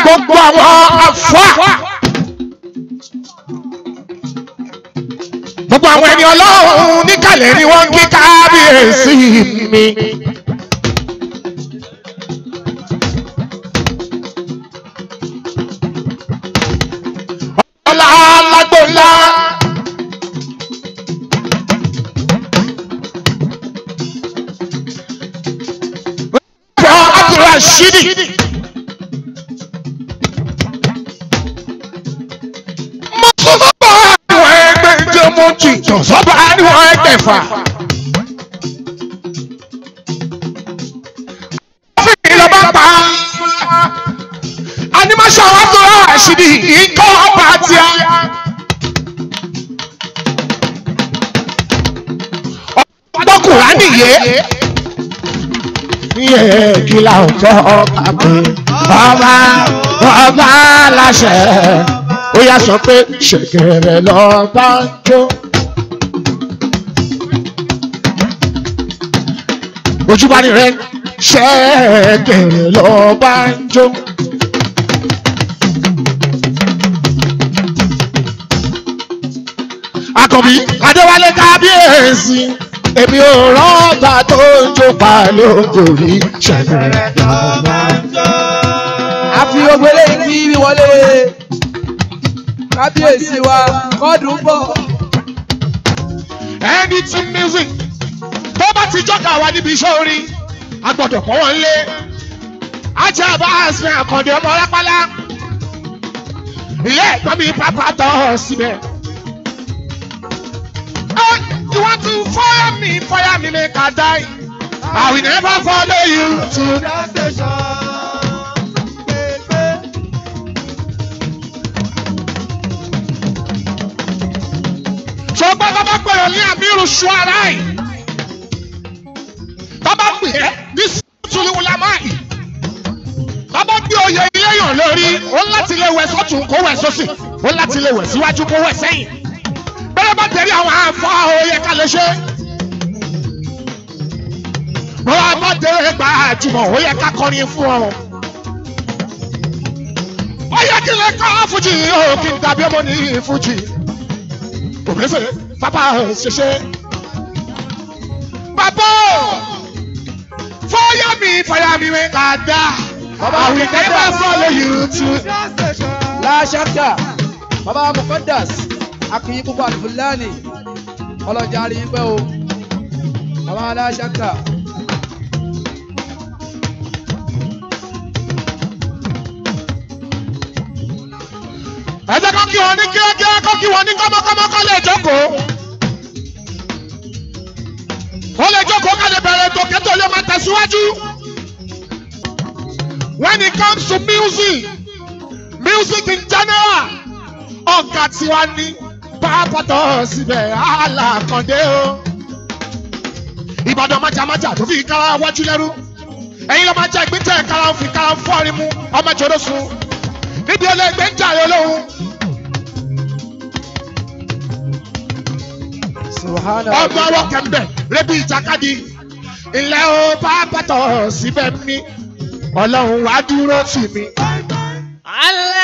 gbogbo àwọn àfà gbogbo àwọn ẹni ọlọ́run níkàlẹ̀ ni wọ́n ń kí kábíyèsí mi. ọba pé ọba ọba láṣẹ ó yá sọ pé ṣẹ̀kẹ̀rẹ̀ lọ́ba ń jó. ojúbani rẹ ṣẹ̀kẹ̀rẹ̀ lọ́ba ń jó. àkànbí adéwálé kábíyèsí èmi ò rọ́ọ̀bà tó ń jó pa lóko rí ṣẹ̀fẹ̀rẹ̀ tó máa ń jó. a fi gbogbo eléyìí kí ni wọlé kábíyèsí wa kọ́dùn bọ̀. ẹni tí music tó bá ti jọ́ka wa níbi iṣẹ́ orin a pọ̀ wọ́n lé ajá bá àṣẹ àkàndé ọmọ ọlápálá ilé ẹ̀gbọ́n mi pápá tọ́ ọ síbẹ̀. You want to fire me, fire me, make I die. I will never follow you to that station. ṣùgbọ́n tó bá pè ọ́ ní àbírù ṣu ara yìí tó bá pè ẹ́ ní sùtúlù wùlámà yìí tó bá gbé oyè ilé yàn lórí ó láti lè wẹ̀ sọ́tún kó wẹ̀ sósì ó láti lè wẹ̀ síwájú kó wẹ̀ sẹ́yìn bọ́lá bá tẹ̀lé àwọn afọ òye ká ṣe. bọ́lá tẹ̀lé gba àjùmọ̀ òye ká fún ọ. ó yẹ kọ́ fújì yóò tàbí ọmọ ní fújì. òbẹ́fẹ́ bàbá ṣẹṣẹ. bàbá fọyà mi fọyà mi wẹ́ ká dá. I will never follow you to. Last chapter. Baba Mukodas akínyín púpọ̀ àlùfúlẹ́ẹ̀nì ọlọ́jà rí pẹ́ o bàbá aláṣàkà. ẹ jẹ́ kí wọn ní kíákíá kó kí wọn ní kọ́mọ́kọ́mọ́ kó lè jókòó kó lè jókòó ká bẹ̀rẹ̀ ètò kẹ́tọ̀ lè máa tẹ̀síwájú. When it comes to music, music in general, ọ̀gá tiwa ni pápátọ̀ síbẹ̀ alákàndé o. ìbàdàn májàmájà tó fi kára wájú lẹ́rú ẹ̀yin ló máa jẹ́ ìpín tẹ̀ kára fi kára fọ́ọ̀rì mu ọmọ ìjọdọ̀ sùn níbi olóògbé ń jàre olóhùn. ọmọ ọwọ́ kẹ̀mbẹ̀ rẹ́bí ìjàkadì ilẹ̀ o pápátọ̀ síbẹ̀ mi ọlọ́run wàá dúró tì mí. alẹ́.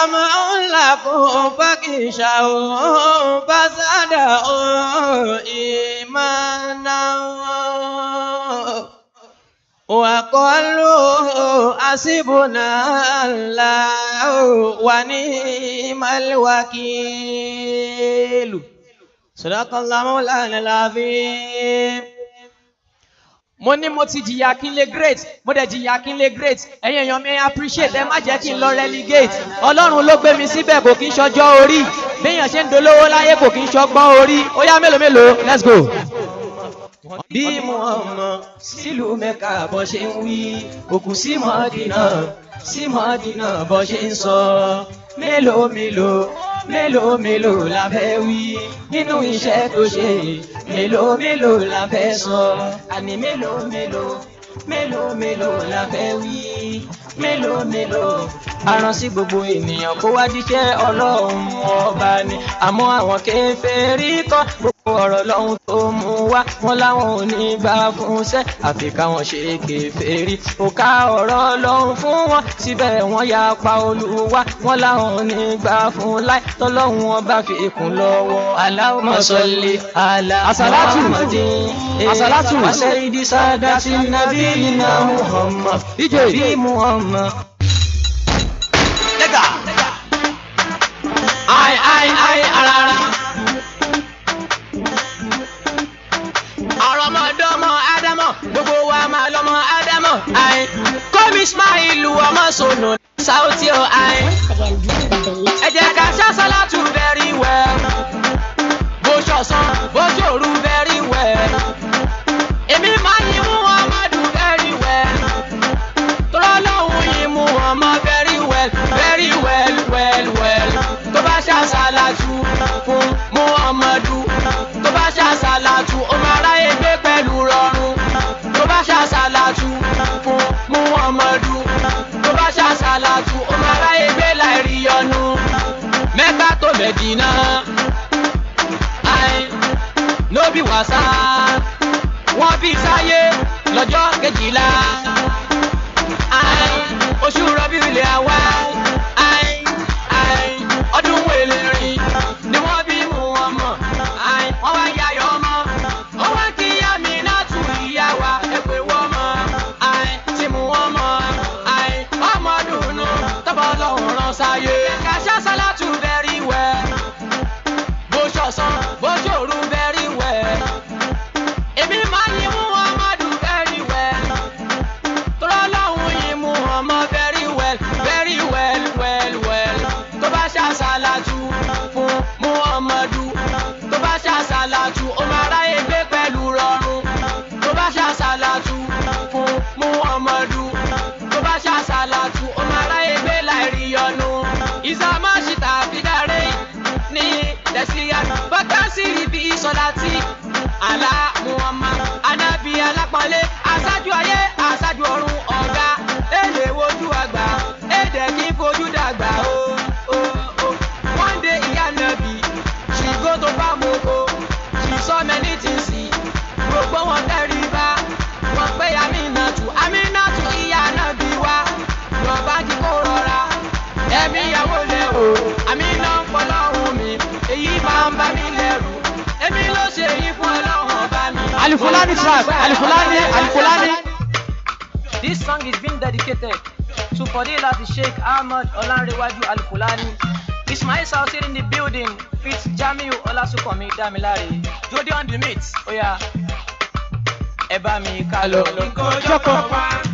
amúlàkùn fákìṣà òun fásádà òun ìmọ̀nà wàkọ́lù àṣìbùnà ńlá wà ní màlúwàkìlù. صدق الله مولانا العظيم mo ní mo ti jìyà kí n lè great mo dẹ̀ jìyà kí n lè great ẹ̀yin èèyàn mi appreciate ẹ má jẹ́ kí n lọ relegate ọlọ́run ló gbé mi síbẹ̀ kò kí n ṣọjọ́ orí béèyàn ṣe ń dolówó láyé kò kí n ṣọgbọ́n orí ó yá mélòó mélòó let's go bí Muhammad sílùú Mẹ́kà bọ́ ṣe ń wí òkú sí Mọ́dínà sí Mọ́dínà bọ́ ṣe ń sọ mélòó mélòó mélòó mélòó la fẹ́ wí nínú iṣẹ́ tó ṣe mélòó mélòó la fẹ́ sọ àní mélòó mélòó mélòó mélòó la fẹ́ wí mélòó mélòó. aràn sí gbogbo ènìyàn kó wá díjẹ́ ọlọ́run ọba ni àmọ́ àwọn kèfèrí kọ́ ọ̀rọ̀ lọ́hún tó mú wá wọn láwọn ò ní bá fún ṣẹ́ àfi káwọn ṣe kèfèrí ó ká ọ̀rọ̀ lọ́hún fún wọn síbẹ̀ wọ́n ya pa olúwa wọn láwọn ò ní bá fún láì tọ́lọ́hún wọn bá fi ikùn lọ́wọ́ Allahumma salli ala asalatu asalatu wa sayyidi sadati nabiyina Muhammad bíi Muhammad. ayin kómi ismail ọmọ sọnù sáwùtì ọ ayin ẹ jẹ́ ká ṣàṣàlà. ọ̀sán wọ́n bí sáyé lọ́jọ́ kejìlá. pale Fulani tribe, Al Fulani, This song is being dedicated to Fadila the Sheikh Ahmad Olanrewaju Al Fulani. Ismail Sautir in the building with Jamiu Olasukomi Damilari. Jodi on the meat. Oh yeah. Ẹ bá mi ká Joko.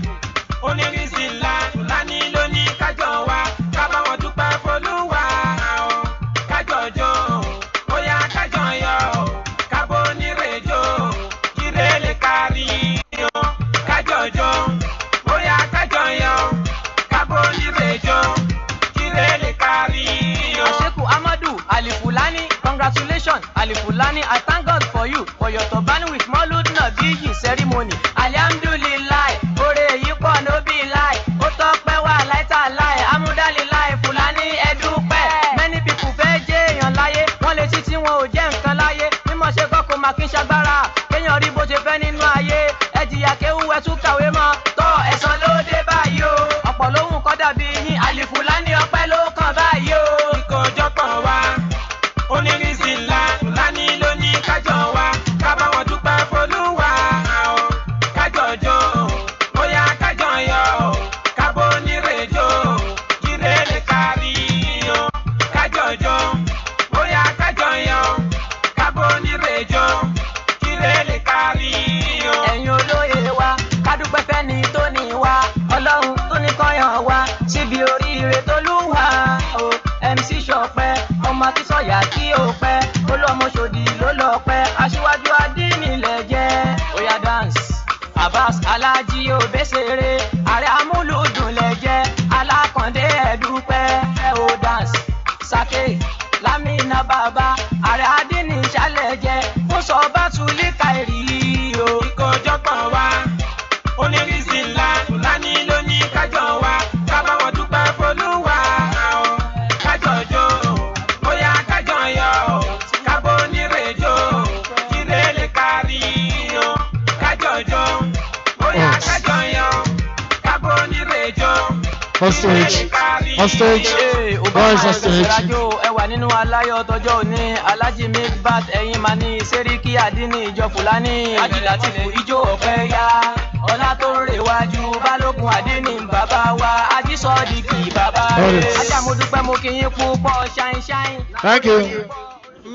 stage. boys on stage. ẹ wà nínú aláyọ̀ tọjọ́ òní alájí midbat ẹ̀yin máa ní sẹ́ríkì àdínní ìjọ fúlàní. ajílá ti fò ijó ọ̀pẹ yá ọlá tó ń rèwájú balógun àdínní bàbá wa ajísọ́ọ̀dìkì bàbá rẹ̀. ajá mo dúpẹ́ mo kí yín púpọ̀ ṣáín ṣáín. thank you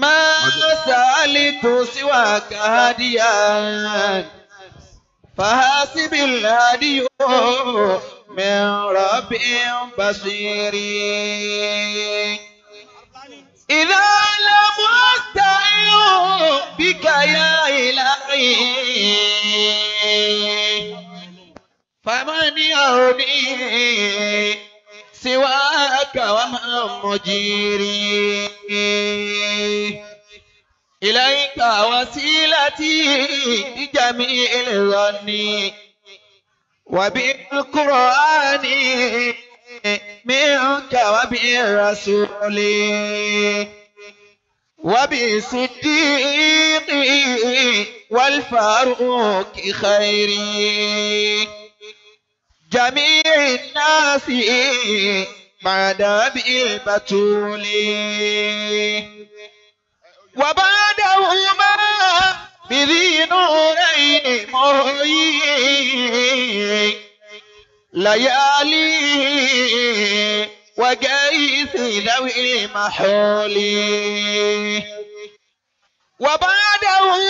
máa sàálì tó síwá káàdìyà fàásìbìlà díò mẹ́rọ̀ بصيري إذا لم أستعن بك يا إلهي فمن يهدي سواك ومن مجيري إليك وسيلتي بجميع الظن وبالقرآن من منك وبالرسول وبالصديق والفاروق خير جميع الناس بعد بالبتول وبعدهما بذي نورين مهيئ ليالي وجيث ذوي محولي وبعدهم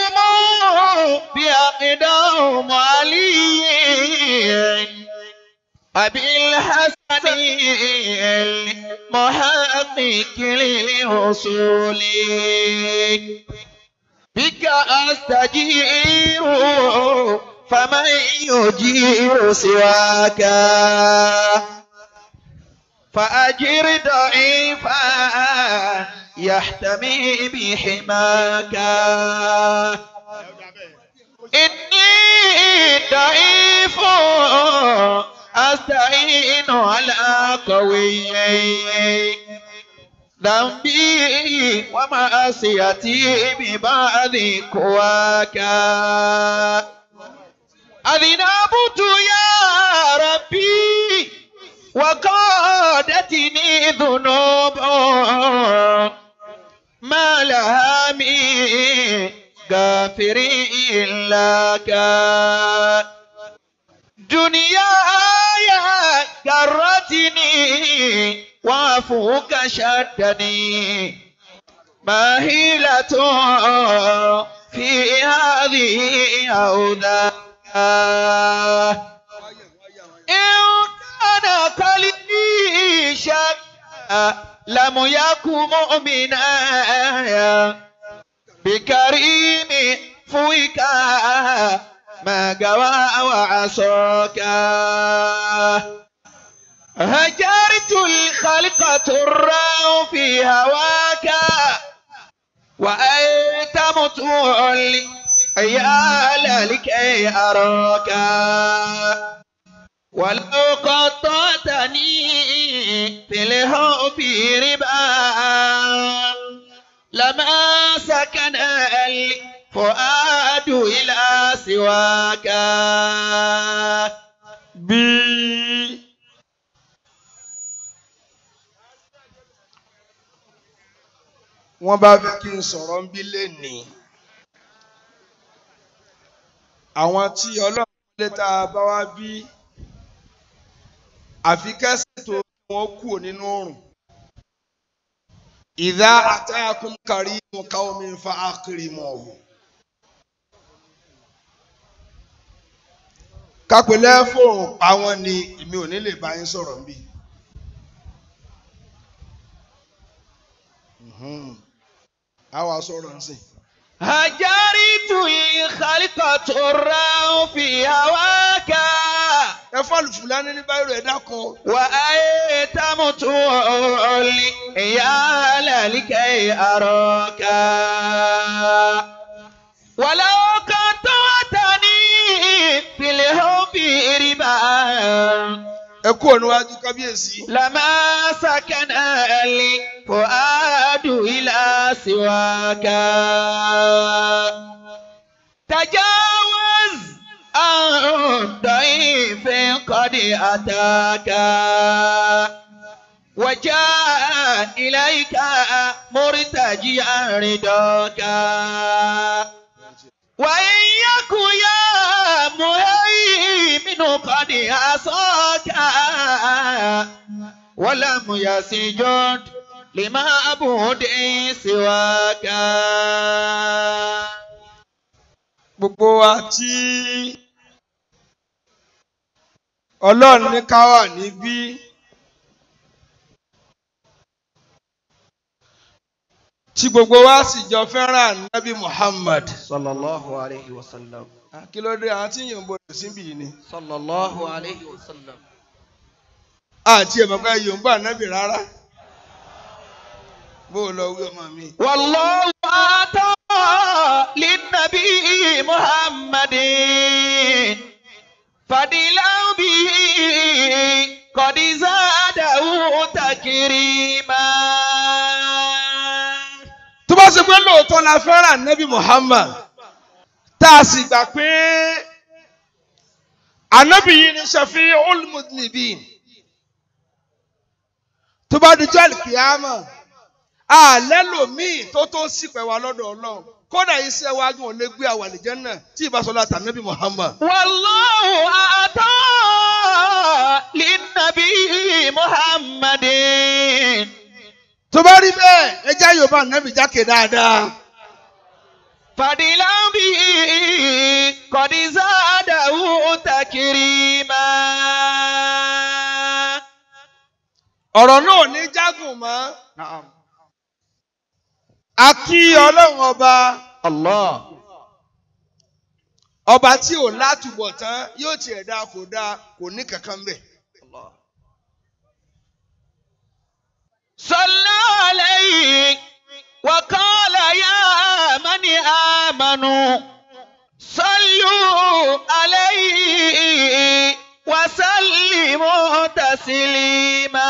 أقدام علي أبي الحسن المحقق للوصول بك أستجير فمن يجير سواك فأجر ضعيفا يحتمي بحماك إني ضعيف أستعين على قوي ذنبي ومعصيتي ببعض قواك أذنبت يا ربي وقادتني ذنوب ما لها من غافر إلاك دنياي كرتني وعفوك شدني ماهلة في هذه أوذار إن كان كلمه شيئا لم يكن مؤمنا بكريم فويك ما قوى وعصاك هجرت الخلق ترى في هواك وأنت متولي يا أي أراك ولو قطعتني في الحب ربا لما سكن الفؤاد إلى سواك بي wọ́n bá fẹ́ kí n sọ̀rọ̀ ń bí lé àwọn tí ọlọ́run lè ta bá wá bí àfi kẹ́sìtò wọn kú nínú oòrùn. ìdá àtàkùn kárí mu káwọn mi fa àkìrì mọ̀ ọ̀hún. kápẹ́lẹ́ fòrùn pa wọ́n ni èmi ò ní lè bá yín sọ̀rọ̀ níbí. a wá sọ̀rọ̀ nsìn. Àjárí tu ìkàlíkà tó ra ń fi àwa ká. Ẹ fọ́ọ̀lù Fúlàní ní báyìí rẹ̀ dákọ̀. Wà á yé támùtù ọ̀ọ́lì ìyá àlàlíkẹ́ àrọ́ká. Wàlá ọkọ̀ tó wà tà ní ìpìlẹ̀ òbí ìrìbà. Ẹ kú ọ̀nà wájú kábíyèsí. Làmásàkánà ẹ̀lì. فؤاد إلى سواك تجاوز عن ضيف قد أتاك وجاء إليك مرتجئا رضاك وإن يك يا مهيمن قد عصاك ولم يسجد lima abudin siwaka. gbogbo wa tí ọlọ́run ní ká wà níbí. tí gbogbo wa sì jọ fẹ́ràn nabi muhammad. sallallahu alayhi wa sallam. kí ló dé àti yìnbó rẹ̀ síbí ni. sallallahu alayhi wa sallam. àti ẹ̀mọ̀ká yorùbá nábì rárá. والله lọ للنبي محمد mi. wallahu ata linnabi muhammadin fadilan bihi qad zadahu takrima. tó bá ṣe pé lóòótọ́ la fẹ́ràn nabi muhammad tá a sì gbà pé anabi yìí ni shafi'ul mudhnibin tó bá dojú àlẹ́ lòmíì tó tó ń ṣìpẹ̀ wa lọ́dọ̀ ọlọ́run kódà iṣẹ́ wa gan ò lè gbé àwọn àlejò náà tí ìbá sọlá tànàbí Muhammad. wallahu ata linnabi Muhammadin. tó bá rí bẹ́ẹ̀ ẹ já yorùbá nàbì jákè dáadáa. fàdílà bí kọ̀dísà dàwù takrima. ọ̀rọ̀ náà ní jágùn mọ́ a kí ọlọ́run ọba Allah ọba tí ò látúbọ̀ tán yóò tiẹ̀ dáa kò dáa kò ní kankan bẹ̀. sọlá lẹ́yìn wàkọ́lá yá mani àmánu sọlú àlẹ́yìn wàsálìmù tàsílìmà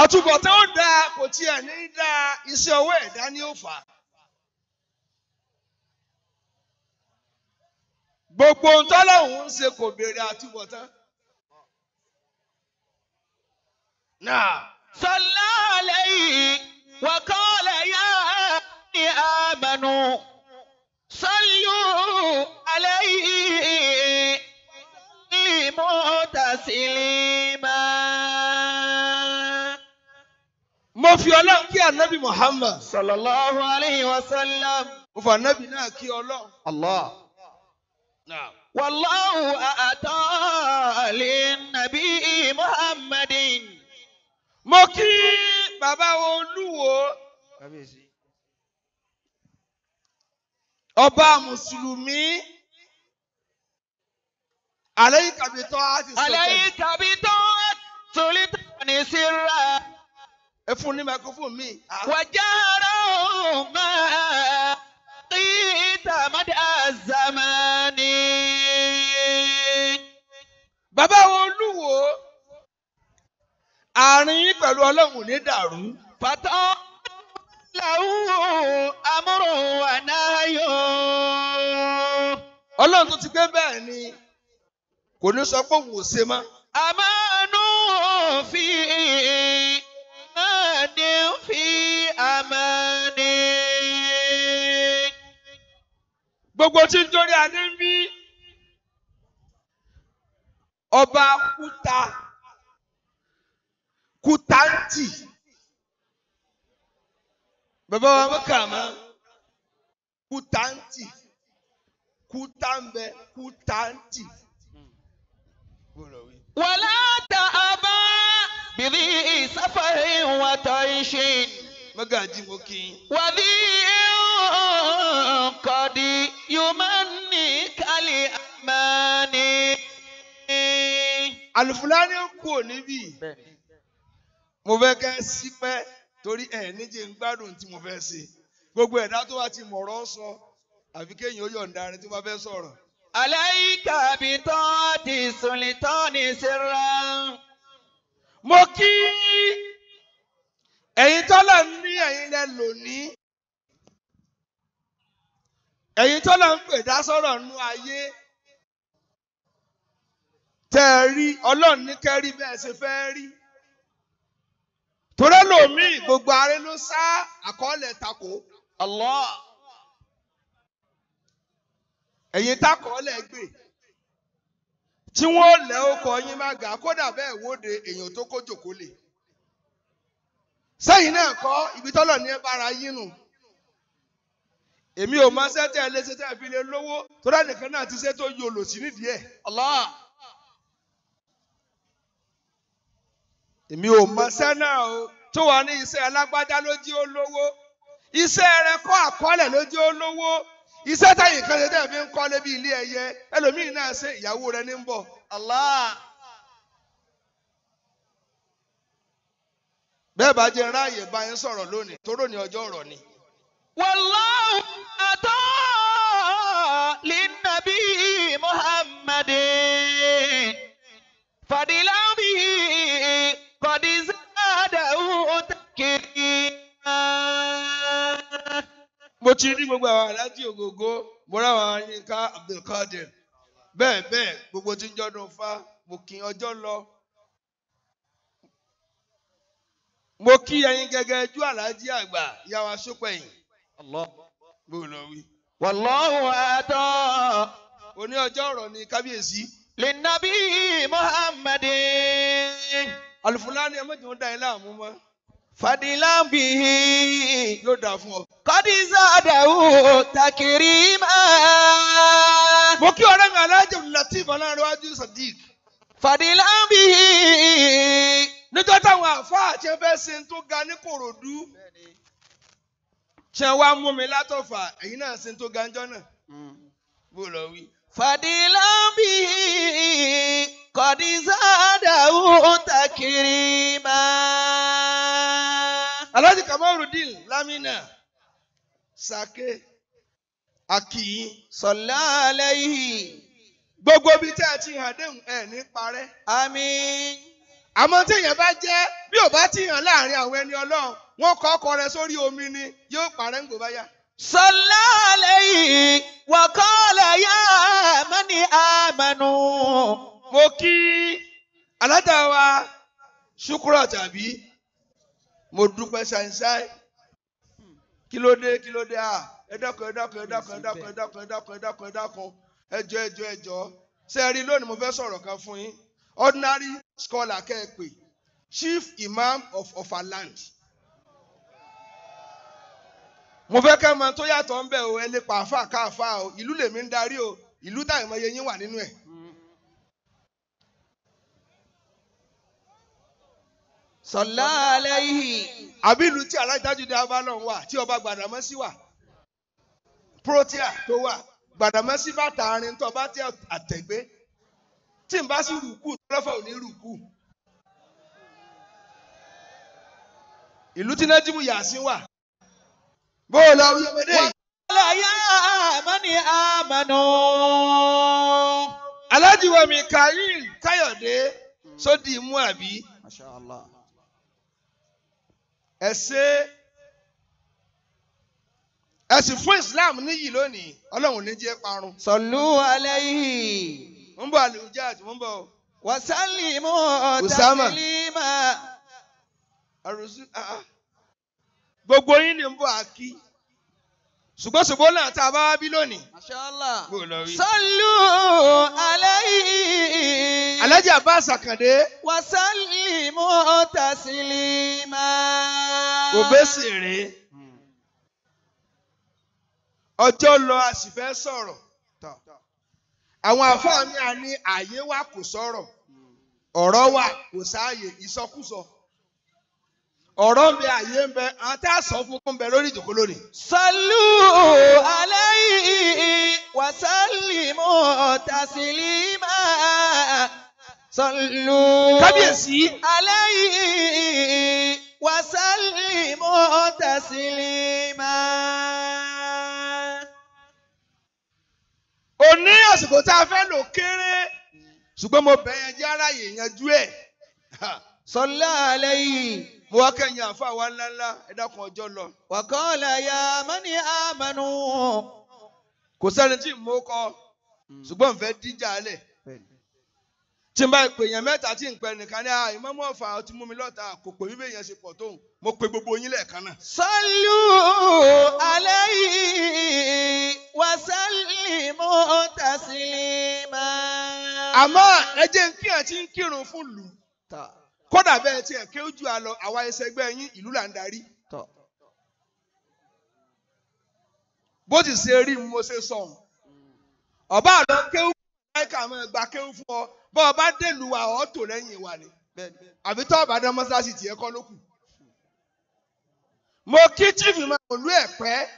àtúbọ̀tán ó dáa kò tiẹ̀ ní dáa iṣẹ́ ọwọ́ ẹ̀dá ni ó gbogbo ohun ṣe kò béèrè àtúbọ̀tán. náà. sọlá lẹ́yìn wàkọ́lẹ̀ yá ni àbànú sọlú àlẹ́ yìí ìmọ̀ tàṣílímà. mo fi ọlọ́run kí ànábì Muhammad. sallallahu alayhi wa sallam. mo fọ ànábì náà kí ọlọ́run. Allah. Naam. Wallahu a'ata lin-nabi Muhammadin. Mo kí bàbá olúwo. Ọba Mùsùlùmí. Alayka bi ta'ati sultan. Alayka bi ta'ati sultan ní síra ẹ fún ní microphone mi. wàjáró máa kí tàmádé àzàmánì. bàbá olúwo àárín yín pẹ̀lú ọlọ́run ní dàrú. pàtó làwọn amúrò ànáyọ. ọlọ́run tó ti gbé bẹ́ẹ̀ ni kò ní sọ pé ò ṣe mọ́. àmọ́ nù fi fi amani, gbogbo tí ń torí adé ń bí ọba kúta kútàǹtì bàbá wa mọ́kà mọ́ kútàǹtì kútàǹbẹ kútàǹtì. wàlá ta àbá bìrì ìsáfàrí ìwàtọ̀ ìṣe. mọ́gàjì mo kì í. wàbí kọ́dí yóò máa ń ní kálí àmàní. àlùfáàní kù ò níbí mo fẹ́ kẹ́ sípẹ́ torí ẹ̀ níjẹ́ ń gbádùn tí mo fẹ́ ṣe gbogbo ẹ̀dá tó bá ti mọ̀rọ̀ sọ àfi kéèyàn ó yọ̀ǹda rẹ̀ tó bá fẹ́ sọ̀rọ̀. aláìkàbí tó ti sùn lè tọ́ ní sẹ́ra. mo kí Eyi tọ́lọ̀ ń ní ẹ̀yin lẹ lónìí ẹ̀yin tọ́lọ̀ ń pè dásọ̀rọ̀ nú ayé tẹ́ ẹ rí ọlọ́run ní kẹ́rí bẹ́ẹ̀ ṣe fẹ́ rí torí gbogbo are, ló sá àkọọ́lẹ̀ tako Allah ẹ̀yin takọ̀ọ́lẹ̀ gbè. tí wọ́n lẹ́ ọkọ̀ yín má ga kódà èèyàn tó kó jòkó lè. sẹ́yìn náà kọ ibi tọ́lọ̀ ní ẹ bára yín nù. èmi ò máa sẹ́tẹ̀ ẹ léṣe tẹ́ tó dá nìkan náà ti ṣe tó yọ nídìí èmi ò máa náà o tó wà ní alágbádá ló rẹ ló iṣẹ́ táyìn kan ṣe tẹ̀ ń kọ́lé bí ilé ẹyẹ ẹlòmíì náà ṣe ìyàwó rẹ ní ń bọ̀ Allah. bẹ́ẹ̀ bá jẹ́ ráàyè bá yín sọ̀rọ̀ lónìí tóró ní ọjọ́ ọ̀rọ̀ ni. wallahu ata linnabi muhammadin fadila. mo ti rí gbogbo àwọn aláàjì ògógó mo ráwọn abdulkadir bẹ́ẹ̀ bẹ́ẹ̀ gbogbo tí ń jọ́dún fa mo lọ. mo kí ẹyin gẹgẹ ju aláàjì àgbà yàwá sópẹ̀yìn. bó lọ wí. wàlọ́hùn àtọ́. òní ọjọ́ ọ̀rọ̀ ni kábíyèsí. lè nàbí muhammadin. alùpùpù fadilambi ló dà fún ọ. kọ́dísà dàwù takiri máa. mo kí ọ̀rẹ́ mi alájọ latif ọlọ́runwájú sadiq. fadilambi. níjọ́ táwọn àáfàá àti ẹgbẹ́ ṣe ń tó ga ní korodu. ṣé wàá mú mi látọ̀fà èyí náà ṣe ń tó ga ńjọ́ náà. Hmm. bó lọ wí. فدلامه قد زاده تكريما Alhaji Kamarudin Lamina Sake Aki Gbogbo tí a ti hàn déhùn ẹ̀ ní parẹ́. Àmín. Àmọ́ téèyàn bá jẹ́ bí ò bá ti hàn láàrin àwọn ẹni Ọlọ́run, ọkọ rẹ sórí omi ni yóò parẹ́ ń gbò báyà. wàkọ́ọ̀lẹ̀ yá mẹ́ni àmẹ́nu. mo kí alájà wa ṣúkúrọ̀ tàbí mo dúpẹ́ ṣáìṣáì kí ló dé kí ló dé à ah, ẹ dákun ẹ dákun ẹ dákun ẹ dákun ẹ dákun ẹ dákun ẹ dákun ṣe rí lónìí mo fẹ́ sọ̀rọ̀ kan fún yín ordinary scholar kẹ́ ẹ pè chief imam of Ọ̀fà land mo fẹ́ kẹ́ mọ tó yàtọ̀ ń bẹ̀ o ẹ lè pa àfà káàfà o ìlú lèmi ń darí o ìlú táyì mọ iye yín wà nínú ẹ̀. sọlá aláìhì àbí ìlú tí alájáde abalọ̀n wà tí ọba Gbàdámọ́sí wà protea tó wà Gbàdámọ́sí bá taarin tó bá tẹ àtẹ̀gbé tí n bá sí rùkú tọ́lọ́fà ò ní rùkú. ìlú tí nájímù yàsín wà bóòlù àwọn ọmọdé yìí. wàhálà yá àmọ́ni àmọ́nà. Alhaji wa Mikael Káyọ̀dé sódì mú àbí. Masha Allah. ẹ ṣe fún Islam níyì lónìí Ọlọ́run ní jẹ́ parun. sọ̀lú alẹ́ yìí. mo ń bọ̀ àlùjá àti mo ń bọ̀. wàsálì mọ́ ọ̀tá sílímà. àrùsù gbogbo yín ni ń bọ̀ á kí ṣùgbọ́n ṣùgbọ́n náà tá a bá wá bí lónìí. Mashallah. sọ́lù aláyí. alájà bá àṣàkàndé. wàsálì mú tàṣílímà. òbẹ́sì rèé. ọjọ́ lọ a sì fẹ́ sọ̀rọ̀. àwọn àfáà mi à ní àyè wa kò sọ̀rọ̀ ọ̀rọ̀ wa kò sáàyè ìsọkúsọ. So ọ̀rọ̀ ń bẹ àyè ń bẹ àwọn tá a sọ fún kó ń bẹ lórí ìjòkó lónìí. sọlú aláì wàsálìmù tàṣílímà sọlú. kábíyèsí. aláì wàsálìmù tàṣílímà. ó ní àsìkò tá a fẹ́ lò kéré ṣùgbọ́n mo bẹ̀yẹn jẹ́ aráyè yanjú ẹ̀. sọlá aláì mo wá kẹ́yìn àfa wa ńláńlá ẹ ọjọ́ lọ. wàkọ́ọ̀lá ya mọ́ni àmọ́nù. kò sẹ́ni tí mo kọ hmm. ṣùgbọ́n fẹ́ díjà lẹ̀ tí n bá pè yẹn mẹ́ta tí n pẹ́ nìkan ní àyè mọ́mọ́ ọ̀fà ọtí mú mi lọ́ta kò pè mí bẹ́ẹ̀ yẹn ṣe pọ̀ tóun mo pe gbogbo yín lẹ́ẹ̀kan náà. sọ́lù alẹ́ yìí wà sẹ́lì mú tàṣílì máa. àmọ́ ẹ jẹ́ n kí àti n kírun fún lù. kódà bẹ́ẹ̀ tiẹ̀ kí ó ju àlọ́ àwa ẹsẹ̀gbẹ́ yín ìlú là ń darí. bó ti ṣe rí mo ṣe sọ ọba àlọ kéwù ẹka mọ gba kéwù fún ọ bọ ọba dèlù wa ọ tò lẹ́yìn wa ni àbí tọ́ ọba dán mọ́sáàsì tiẹ̀ kọ́ ló kù. mo kí chief máa ẹ̀pẹ́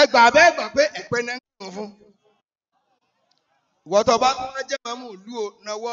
ẹgbà bẹ́ẹ̀ gbà pé ẹ̀pẹ́ náà ń kàn fún. ìwọ́tọ̀ bá tún wá jẹ́ mọ́mú òlú o náwó.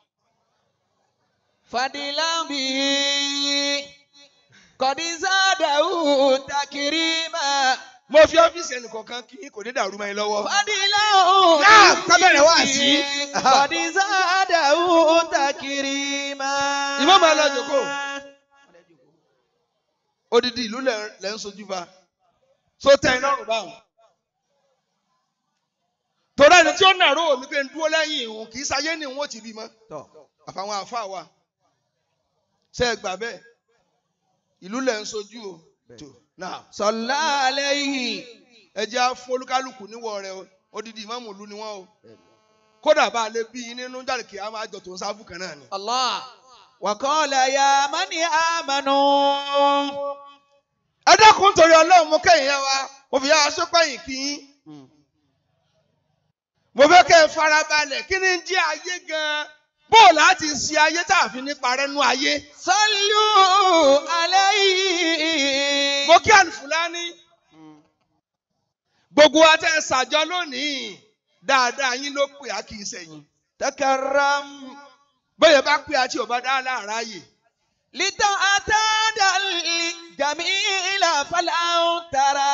fadilambi kọdísádàú takirima. mo fi ọ́fíìsì ẹnìkọ̀ọ̀kan kí kò ní dàrú mẹ́rin lọ́wọ́. fadilambi kábẹ̀rẹ̀ wá sí. kọdísádàú takirima. ìmọ̀ máa lọ jòkó. odidi ìlú lẹ́ ń sojú fa so tẹ̀ iná rò báwọn torí ẹni tí ó nàró mi pé ń dúró lẹ́yìn ìhùn kì í sáyé ni wọn ò ti rí mọ́ àfàwọn àfa wa. ṣe é gbà bẹ́ẹ̀ ìlú lẹ̀ o tó náà. sọlá alẹ́ yìí afọlúkálùkù níwọ̀ rẹ odidi ìmáàmù ni wọ́n o kódà bá a lè bí nínú jáde kí a máa jọ tó ń sáfù kan náà ni. Allah wàkọ́ọ̀lá ya torí ọlọ́run mú kẹ́yìn yẹn wa mo fi hmm. mo fẹ́ kẹ́ ẹ farabalẹ̀ kí ni jẹ́ ayé gan bó láti ṣe ayé tá a fi ní parẹ́ nú ayé. sálú alẹ́ yìí. mo kí àlùfùlání. gbogbo wa tẹ́ ẹ ṣàjọ lónìí dáadáa yín ló pè á kì í sẹ́yìn. tẹ́kẹ̀rẹ́m. bóyá bá pè á tí ò bá dá láàárá yìí. lítà àtàdà jàmí ìlà fàlà ń tara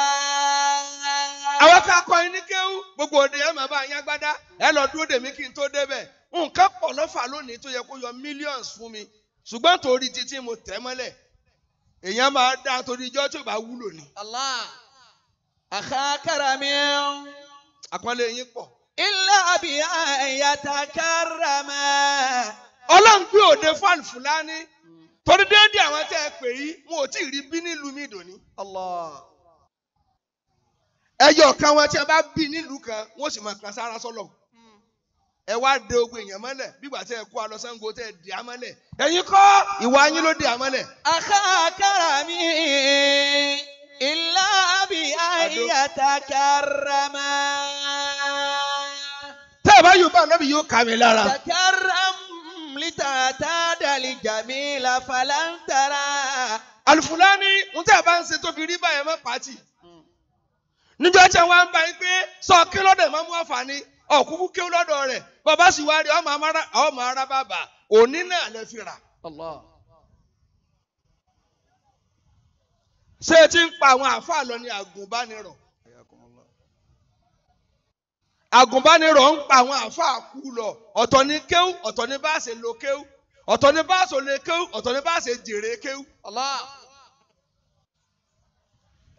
àwọn tá a kọ yín ní kéwú gbogbo òde ẹ̀ máa bá yín agbádá ẹ lọ dúró dèmí kí n tó débẹ̀ nǹkan pọ̀ lọ́fà lónìí tó yẹ kó yọ millions fún mi ṣùgbọ́n torí títí mo tẹ̀ mọ́lẹ̀ èèyàn máa dá torí ijọ́ tí ò bá wúlò ni. Allah àkàkàrà mi. àpọ́nlé yín pọ̀. ilé àbí àyàtà kára mẹ́. ọlọ́run gbé òde fáàlì fúlàní torí déédéé àwọn tẹ́ ẹ pè yí wọn ò tí ì rí bí nílùú mi dòní. Allah ẹyọ kan wọn tí a bá bí nílùú kan wọn sì máa kan sára sọlọ ẹ wá de ogun èèyàn mọ́lẹ̀ bígbà tẹ ẹ kó alọ Ṣàngó tẹ ẹ dè á mọ́lẹ̀ kọ́ ìwà yín ló dè á mọ́lẹ̀. àkàkàrà mi ìlà bí àyàtàkàrà máa. tẹ́ ẹ bá yóò bá anábì yóò kà mí lára. kàkàrà mìlítà tá a dàlí jàmí la falantara. alùpùpù náà ni n tẹ́ ẹ bá ń ṣe tóbi rí báyẹn mọ́ pàtì. níjọ́ tí wọ́n ń bá yín pé sọ kí lọ́dọ̀ máa mú àǹfààní ọ̀kúkú kí lọ́dọ̀ rẹ̀ bàbá sì wá rí ọmọ ara bàbà òní náà lè fi rà. ṣé ti ń pa àwọn àáfàá lọ ní àgùnbánirọ̀ àgùnbánirọ̀ ń pa àwọn àáfàá kú lọ ọ̀tọ̀ ní kéwú, ọ̀tọ̀ ní bá ṣe lo kéwù ọ̀tọ̀ ní bá ṣe lo ọ̀tọ̀ ní bá jèrè kéwú,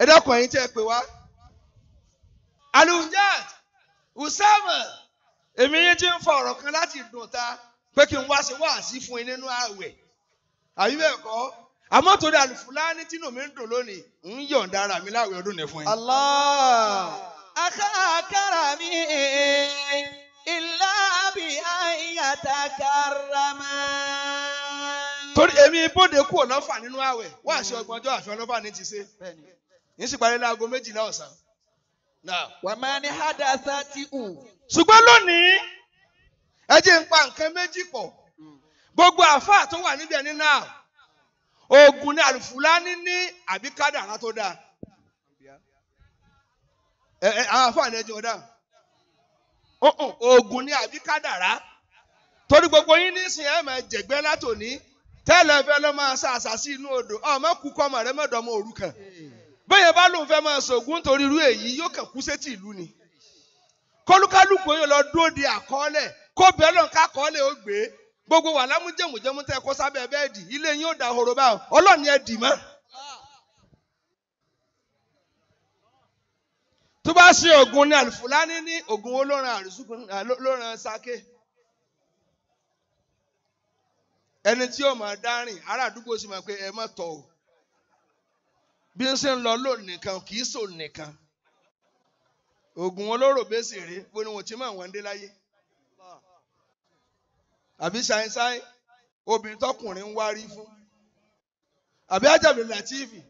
ẹ dẹ́kun ẹ̀yin tí ẹ pè wá. alujad usama èmi yín ti ń fa ọ̀rọ̀ kan láti dùn ta pé kí n wá sí wáàsí fún yín nínú ààwẹ̀ àbí bẹ́ẹ̀ kọ́ àmọ́ torí àlùfùlání tínú mi ń dùn lónìí ń yọ̀ǹda ara mi láwẹ̀ ọdún nìfún yín. Allah akáàkárà mi ilá bí àyàtà kárama. torí èmi bóde kú ọ̀nà fà nínú ààwẹ̀ wáàsí ọgbọ̀njọ́ àfihàn ọlọ́fà ní ti ṣe yín sì parí láago méjìlá ọ̀sán. wà máa ní hádàásá tí ù. ṣùgbọ́n lónìí ẹ jẹ́ ń pa nǹkan méjì pọ̀ gbogbo àáfàá tó wà níbẹ̀ ní náà oògùn ní àlùfùlání ní àbí kádàrá tó dáa ẹ ẹ àwọn àáfàá ní ẹjẹ ọ̀dà oògùn ní àbí kádàrá torí gbogbo yín ní sìn ẹ máa jẹ̀gbẹ́ látòní tẹ́lẹ̀ fẹ́ lọ́ máa ṣàṣà sí inú odò ọmọ kúkọ́ ọmọ rẹ mọ́dọ̀ ọmọ òrukàn. Hey. bẹ́ẹ̀ bá lóun fẹ́ máa sògùn nítorí irú èyí yóò kàn ìlú ni kọlùkálùkù yóò lọ dúró de àkọọ́lẹ̀ kó bẹ́ẹ̀ lọ́n gbogbo wà lámújẹmújẹmú tẹ kó sábẹ́ bẹ́ẹ̀dì ilé yín ó da horo báwo ọlọ́ọ̀ni ẹ dì mọ́. tó bá ṣe ògùn ní àlùfùlání ní ògùn wo ló ran àrùsùkùn sáké bí ń ṣe lọ nìkan kì í sò nìkan oògùn olóró bẹ́sì rí bó ni wọ́n ti máa wọ́n dé láyé àbí ṣáínṣáín obìnrin tọkùnrin ń wárí fún àbí ajáde latifi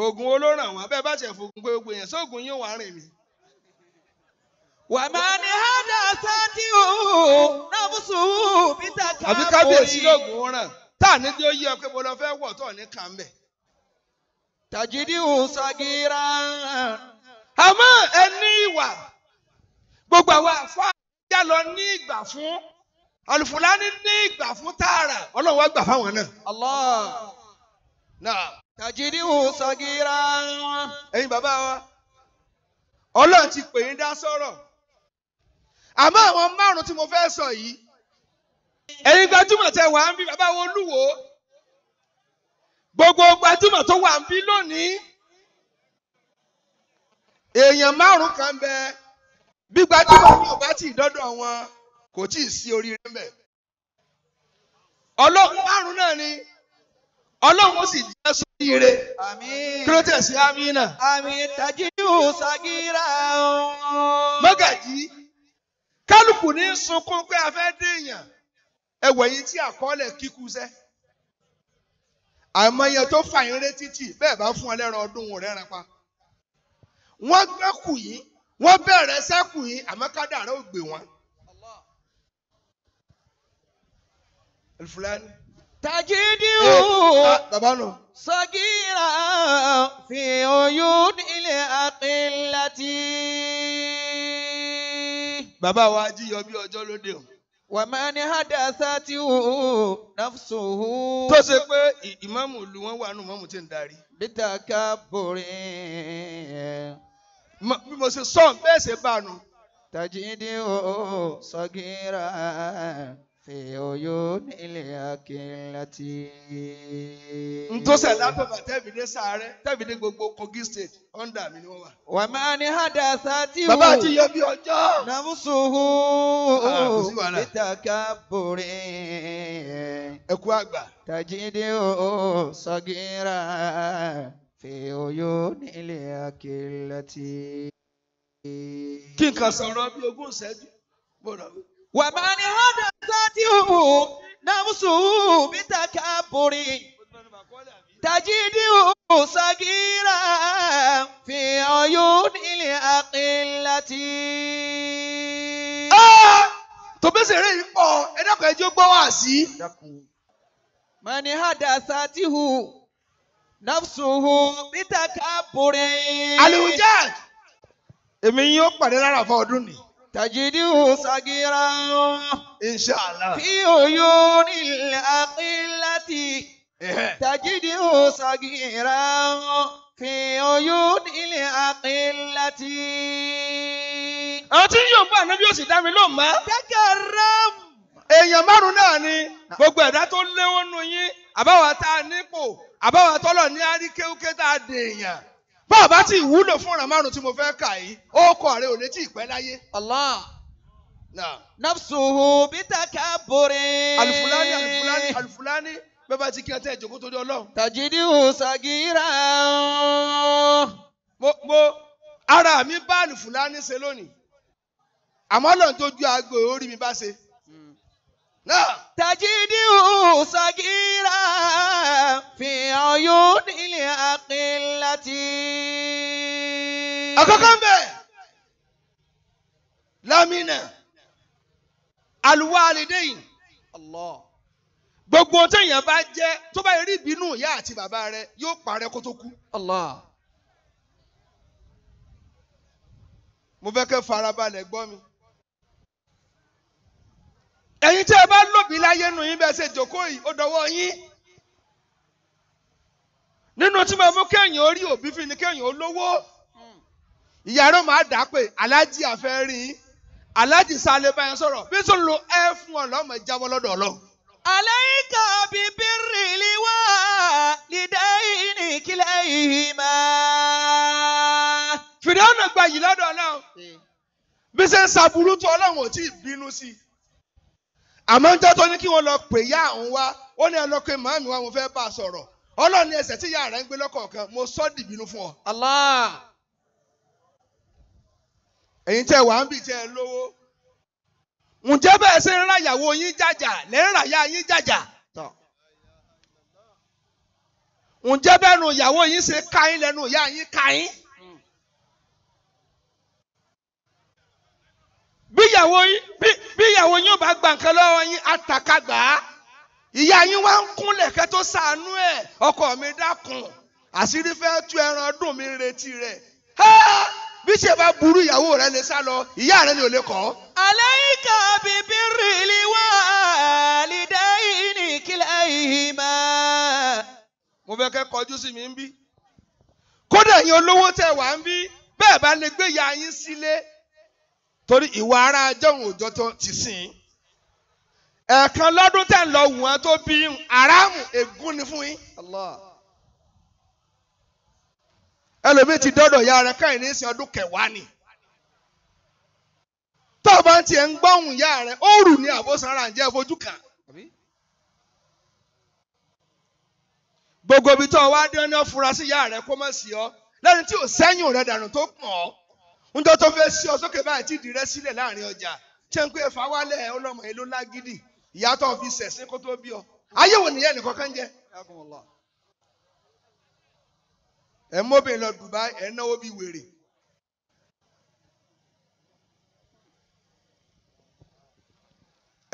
oògùn olóró àwọn abẹ́ bá ṣe fògùn ni sáńtì òun peter àbí kábíyèsí lóògùn pé mo lọ fẹ́ wọ̀ tó ní tàjíríhù sagira àmọ́ ẹni ìwà gbogbo àwọn àfáà yà lọ ní ìgbà fún alùfúlání ní ìgbà fún tààrà ọlọ́run wá gbà fáwọn náà. Allah náà tàjíríhù bàbá wa ọlọ́run ti pè yín dá sọ̀rọ̀ àmọ́ àwọn márùn-ún tí mo fẹ́ sọ yìí ẹ̀yin gbajúmọ̀ tẹ wàá ń bí bàbá wo lúwo. gbogbo gbajúmọ̀ tó wà ń bí lónìí èèyàn márùn kan bẹ bí gbajúmọ̀ ní ọba tí ìdọ́dọ̀ wọn kò tí ì sí oríire mẹ́ ọlọ́run márùn náà ni ọlọ́run ó sì jẹ́ sóríire kírọ́tẹ̀sì amínà. àmì tajiru sagira ooo. mọ́gàjí kálukú ní sunkún pé a fẹ́ dèèyàn ẹ̀wẹ̀ yìí tí àkọọ́lẹ̀ kíkú sẹ́ àmọye tó fà yín rétí tì bẹ́ẹ̀ bá fún ọ lẹ́ran ọdún wọn rẹ́ran pa wọ́n gbẹ́ kù yín wọ́n bẹ̀rẹ̀ sẹ́kù yín àmọ́ kádàrá ò gbé wọn. الفلاني تجدوا طبعا صغيرا في عيون الأقلة bàbá wa jí yọ bí ọjọ́ lóde o. wàmánì hádàsá tí ó náfṣó. tó ṣe pé ìmáàmù lu wọn wà nù mọ́mù tí ń darí. bíta ká borí. bí mo ṣe sọ bẹ́ẹ̀ ṣe bá a nù. في عيون الأكلة ntọ́sẹ̀ lápẹ̀bà tẹ́bi sáré tẹ́bi gbogbo Kogi state ọ̀ndà mi ni wọ́n wà. wà á máa ní hàdà bàbá àti iye ọjọ́. Ah, àgbà. o sọgíra fi òyò nílé akérèlá kí n kà sọ̀rọ̀ bí ogún wí. وما لهذا ذاته نفسه بتكبر تجده صغيرا في عيون الأقلة tòbẹ́sẹ̀rẹ́ yìí pọ̀ ẹ dákun ẹjọ́ gbọ́ wá sí. mani hadasa tihu nafsuhu bitaka bore. aliwujad èmi yóò pàdé lára fún ọdún nìí. تجده صغيرا إن شاء الله في عيون الأقلة تجده صغيرا في عيون الأقلة àwọn tí yóò gbọ́ ànábì yóò sì dá mi lóhùn mọ́. dẹ́gẹ̀rẹ́m. èèyàn márùn náà ni gbogbo ẹ̀dá tó léwó nu yín àbáwá tá a nípò àbáwá tọ́lọ̀ ní àríkéwúké tá a dèèyàn bá a bá ti wúlò fún ọ̀ràn márùn tí mo fẹ́ kà yìí ó kọ àrẹ òní tí ì láyé. Allah. nafsuhu bitaka bore. alifulani alifulani alifulani bẹ́ẹ̀ bá ti kí ẹ tẹ́ ìjókòó tó dé ọlọ́run. tàjídì òsàgìrà. mo mo ara mi bá alifulani ṣe lónìí àmọ́ lọ́n tó ju aago orí mi bá ṣe. تجده صغيرا في عيون الأقلة àkọ́kọ́ ń bẹ̀ lámìnà alwalidayn Allah gbogbo téèyàn bá jẹ́ tó bá rí ìbínú ìyá àti bàbá rẹ̀ yóò parẹ́ kó tó kú. Allah mo fẹ́ kẹ́ farabalẹ̀ gbọ́ mi ẹ̀yin tí ẹ bá lòbí láyé nù yín bẹ́ẹ̀ ṣe jòkó yìí ó dọwọ́ yín nínú tí mo mú kéèyàn ó rí òbí fi ni kéèyàn ó lówó ìyàrá máa dà pé aláàjì àfẹ́ rí i aláàjì sálẹ̀ báyẹn sọ̀rọ̀ bí tó lo ẹ fún ọ lọ́mọ jábọ́ lọ́dọ̀ ọlọ́. àlẹ́yìnká bíbí rìlí wá lídẹ́ yìí ní kílẹ̀ yìí máa. fìdáhùn gbayì lọ́dọ̀ ọlọ́run bí ṣe ń ṣàbùrú tó ọlọ́run ò tí ì bínú sí i. àmọ́ ń jẹ́ ní kí wọ́n lọ pè yá àwọn wá ó ní ẹ lọ pé màámi wa mo fẹ́ bá a sọ̀rọ̀ ọlọ́ọ̀ni ẹsẹ̀ tí ìyá rẹ̀ ń gbé lọ́kọ̀ọ̀kan mo sọ́ dìbínú fún ọ. Allah. ẹ̀yin tẹ́ wàá ń bì tẹ́ ẹ lówó. ǹjẹ́ bẹ́ẹ̀ ṣe ń ráyàwó yín jàjà lẹ́ ń yá yín jàjà. ǹjẹ́ bẹ́ẹ̀ nu ìyàwó yín ṣe ká yín lẹ́nu ìyá yín ká yín. bí ìyàwó yín bí ìyàwó yín ò bá gba nǹkan lọ́wọ́ yín àtàkàgbà ìyá yín wá ń kúnlẹ̀ kẹ́ tó sàánú ẹ̀ ọkọ mi dákun àṣírí fẹ́ tú ẹran dùn mí retí rẹ̀ bí ṣe bá burú ìyàwó rẹ lè sá lọ ìyá rẹ ni ò lè kọ́. aláìka bíbí rìlì wá àlìdá yìí ní mo fẹ́ kẹ́ kọjú sí mi ń bí. kódà yín olówó tẹ̀ wá ń bí bẹ́ẹ̀ bá lè gbé ìyá yín sílé. Si torí ìwà ara jẹun òjò tó ti sìn ẹ̀ẹ̀kan lọ́dún tẹ̀ ń lọ wọ́n tó bí aráàmù ègún ni fún yín. ẹlòmíì ti dọ́dọ̀ ya rẹ̀ káyìn ní ìsìn ọdún kẹwàá ni tó o bá ń tiẹ̀ ń gbọ́hùn ya rẹ̀ ó rù ní àbósanra ǹjẹ́ kan. gbogbo ibi tó o wá dé ọ́ ní fura sí ya kó má sí ọ lẹ́ni tí o sẹ́yìn rẹ dànù tó kàn ọ́. njọ́ tó fẹ́ sí ọ sókè báyìí tí ìdí rẹ sílẹ̀ láàrin ọjà ṣé n pé ẹ̀fà wálẹ̀ ọlọ́mọ èlò lágídì ìyá tó fi sẹ̀sìn kó tó bí ọ ayé wò nìyẹn nìkan kan jẹ. ẹ mọ́bìnrin lọ Dubai ẹ náwó bíi wèrè.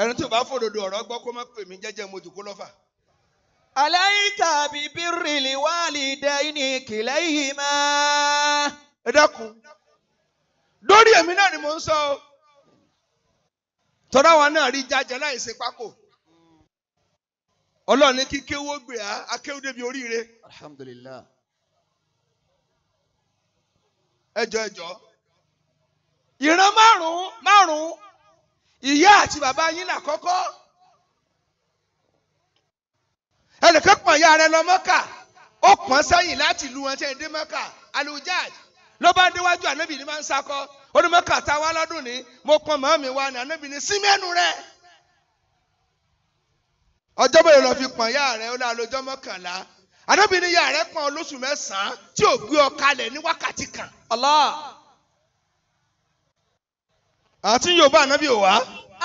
ẹni tí o bá fòdodo ọ̀rọ̀ gbọ́ kó má pè mí jẹ́jẹ́ mo jòkó lọ́fà. aláìka bíbí rìlì wálì dẹ́yìn kìlẹ̀ yìí máa. ẹ dákun lórí èmi náà ni mò ń sọ o tọ́lá wa náà rí jájẹ láìsí ṣe pákó ọlọ́run ní kí kéwó gbè á akéwúdé oríire. ẹjọ ẹjọ ìran márùn márùn ìyá àti bàbá yín là kọ́kọ́ ẹnìkan pọ̀ rẹ lọ mọ́kà ó pọ́n sẹ́yìn láti lu wọn tẹ́ mọ́kà ló bá déwájú ànábì ni máa ń sakọ onímọ̀kàtà wa lọ́dún ni mo pọn mọ́ mi wa ni ànábì ni sí mẹ́nu rẹ̀ ọjọ́ bẹ́ẹ̀ lọ fi pọ̀n yá rẹ̀ ó ní alójọ́ mọ́kànlá ànábì ni yá rẹ̀ pọ̀n olóṣù mẹ́sàn-án tí ò gbé ọ kalẹ̀ ní wákàtí kan. Allah àti yorùbá ànábì ò wá.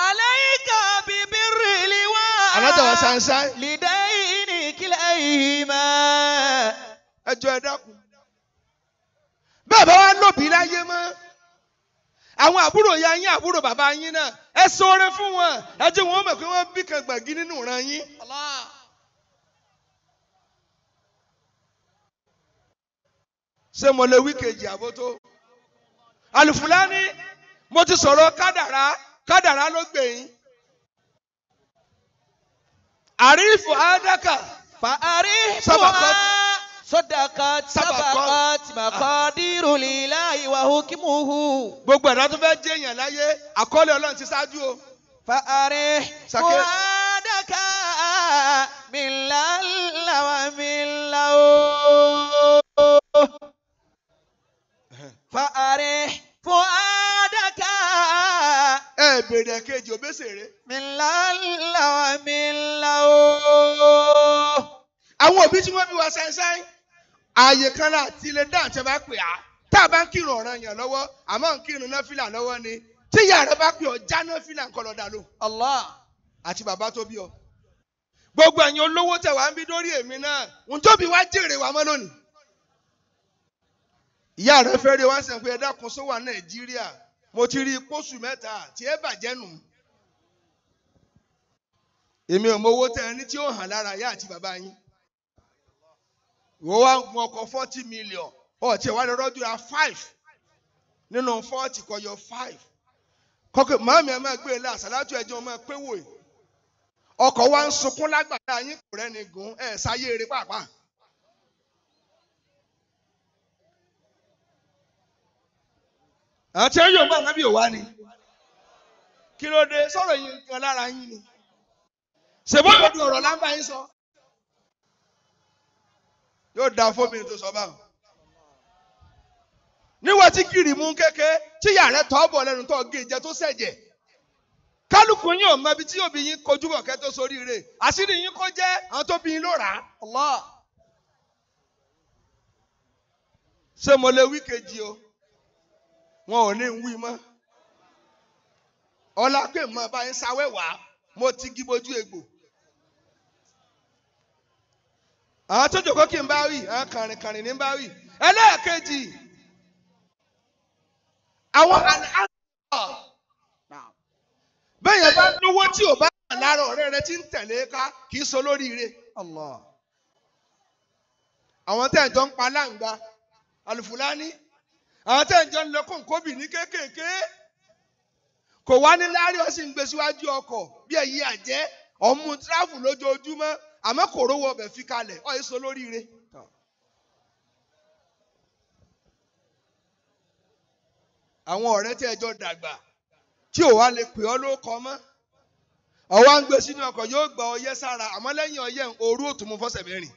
alayka bíbí rìlì wá. alájà wa ṣáṣá. lìdẹ́yìn ní kílẹ̀ yìí mọ́. ẹ jọ ẹ dákun. bẹ́ẹ̀ bá wá lòbí láyé mọ́ àwọn àbúrò ya yín àbúrò bàbá yín náà ẹ ṣoore fún wọn ẹ jẹ́ wọn mọ̀ pé wọ́n bí kan nínú ìran yín. ṣé mo lè wí kejì àbó àlùfùlání mo ti sọ̀rọ̀ kádàrá kádàrá ló gbẹ̀yìn. sọdaka sabaka tìmọ̀kọ́ dírúlì láì wà hukimuhu. gbogbo ẹ̀dá tó fẹ́ jẹ́ èèyàn láyé àkọọ́lẹ̀ ọlọ́run ti ṣáájú o. fàárẹ̀ muhadaka milalawa milawo. fàárẹ̀ muhadaka. ẹ bèrè kejì òbẹ́sẹ̀rẹ̀. milalawa milawo. àwọn òbí tí wọ́n bí wa ṣáínṣáín. ààyè kan náà tí ilé dáhùn a bá pè á tá a bá ń kírun ọ̀ràn yàn lọ́wọ́ àmọ́ ni tí ìyá rẹ bá pè ọ já ń kọ́ Allah àti bàbá tó bí gbogbo ẹ̀yin olówó tẹ̀ wá ń bí dórí èmi náà ń tóbi wá jèrè wá mọ́ lónìí. ìyá rẹ fẹ́ rí sẹ́n pé Nàìjíríà mo ti rí pósù wọ́n wá mú ọkọ̀ forty million ọ̀ tí ẹ̀ wá lọ rọ́dù ya five nínú forty kọ yọ five kọ́kọ́ màmí ẹ̀ máa gbé e láàṣà látú ẹ̀jẹ̀ wọn máa pé wò é ọkọ̀ wa ń sunkún lágbàdá yín kò rẹ́ni gùn ẹ̀ sáyé eré pàápàá. àti ẹ̀yọ̀ bá nàbí òwá ni kí ló dé sọ̀rọ̀ yìí kan lára yín ni ṣèbọ́n ọ̀dọ̀ ọ̀rọ̀ lámbà yín sọ yóò da fómìnì tó sọ báwọn. níwọ̀n tí kiri mú kéke tí yàrá tọ́ bọ̀ lẹ́nu tó gé jẹ tó sẹ̀jẹ̀ kálukú yín ò mọ ibi tí òbí yín kojú bọ̀ kẹ́ tó sórí rẹ̀ àṣírí yín kó jẹ́ àwọn tó bí yín ló rà á. ṣé mo lè wí kejì o wọn ò ní ń wí mọ́ ọlá pé mo bá ń sáwẹ́ wá mo ti gí bojú egbò. àwọn tó jòkó kí n bá wí àwọn kàrìnkàrìn ní bá wí ẹlẹ́ẹ̀kejì àwọn àlọ́ bẹ́ẹ̀ yẹn bá lówó tí ò bá wà lára ọ̀rẹ́ rẹ tí ń tẹ̀lé ká kì í so lóríire àwọn tẹ̀ ń jọ ń pa láǹgbà àlùfùlání àwọn tẹ̀ ń jọ ń lọ kóńkóbì ní kéékèèké kò wá ní láàrin ó sì ń gbé síwájú ọkọ̀ bí ẹ̀yìn àjẹ́ ọ̀mú tíráfù lójoojúmọ́ àmọ́ kò rówó ọbẹ̀ fi kalẹ̀ ọ yìí sọ lóríire. àwọn ọ̀rẹ́ tí ẹjọ́ dàgbà tí ò wá lè pè ọ́ ló kọ mọ́ ọwọ́ à ń gbé sínú ọkọ̀ yóò gba ọyẹ́ sára àmọ́ lẹ́yìn ọyẹ́ òru òtún mu fọ́sẹ̀ mẹ́rin.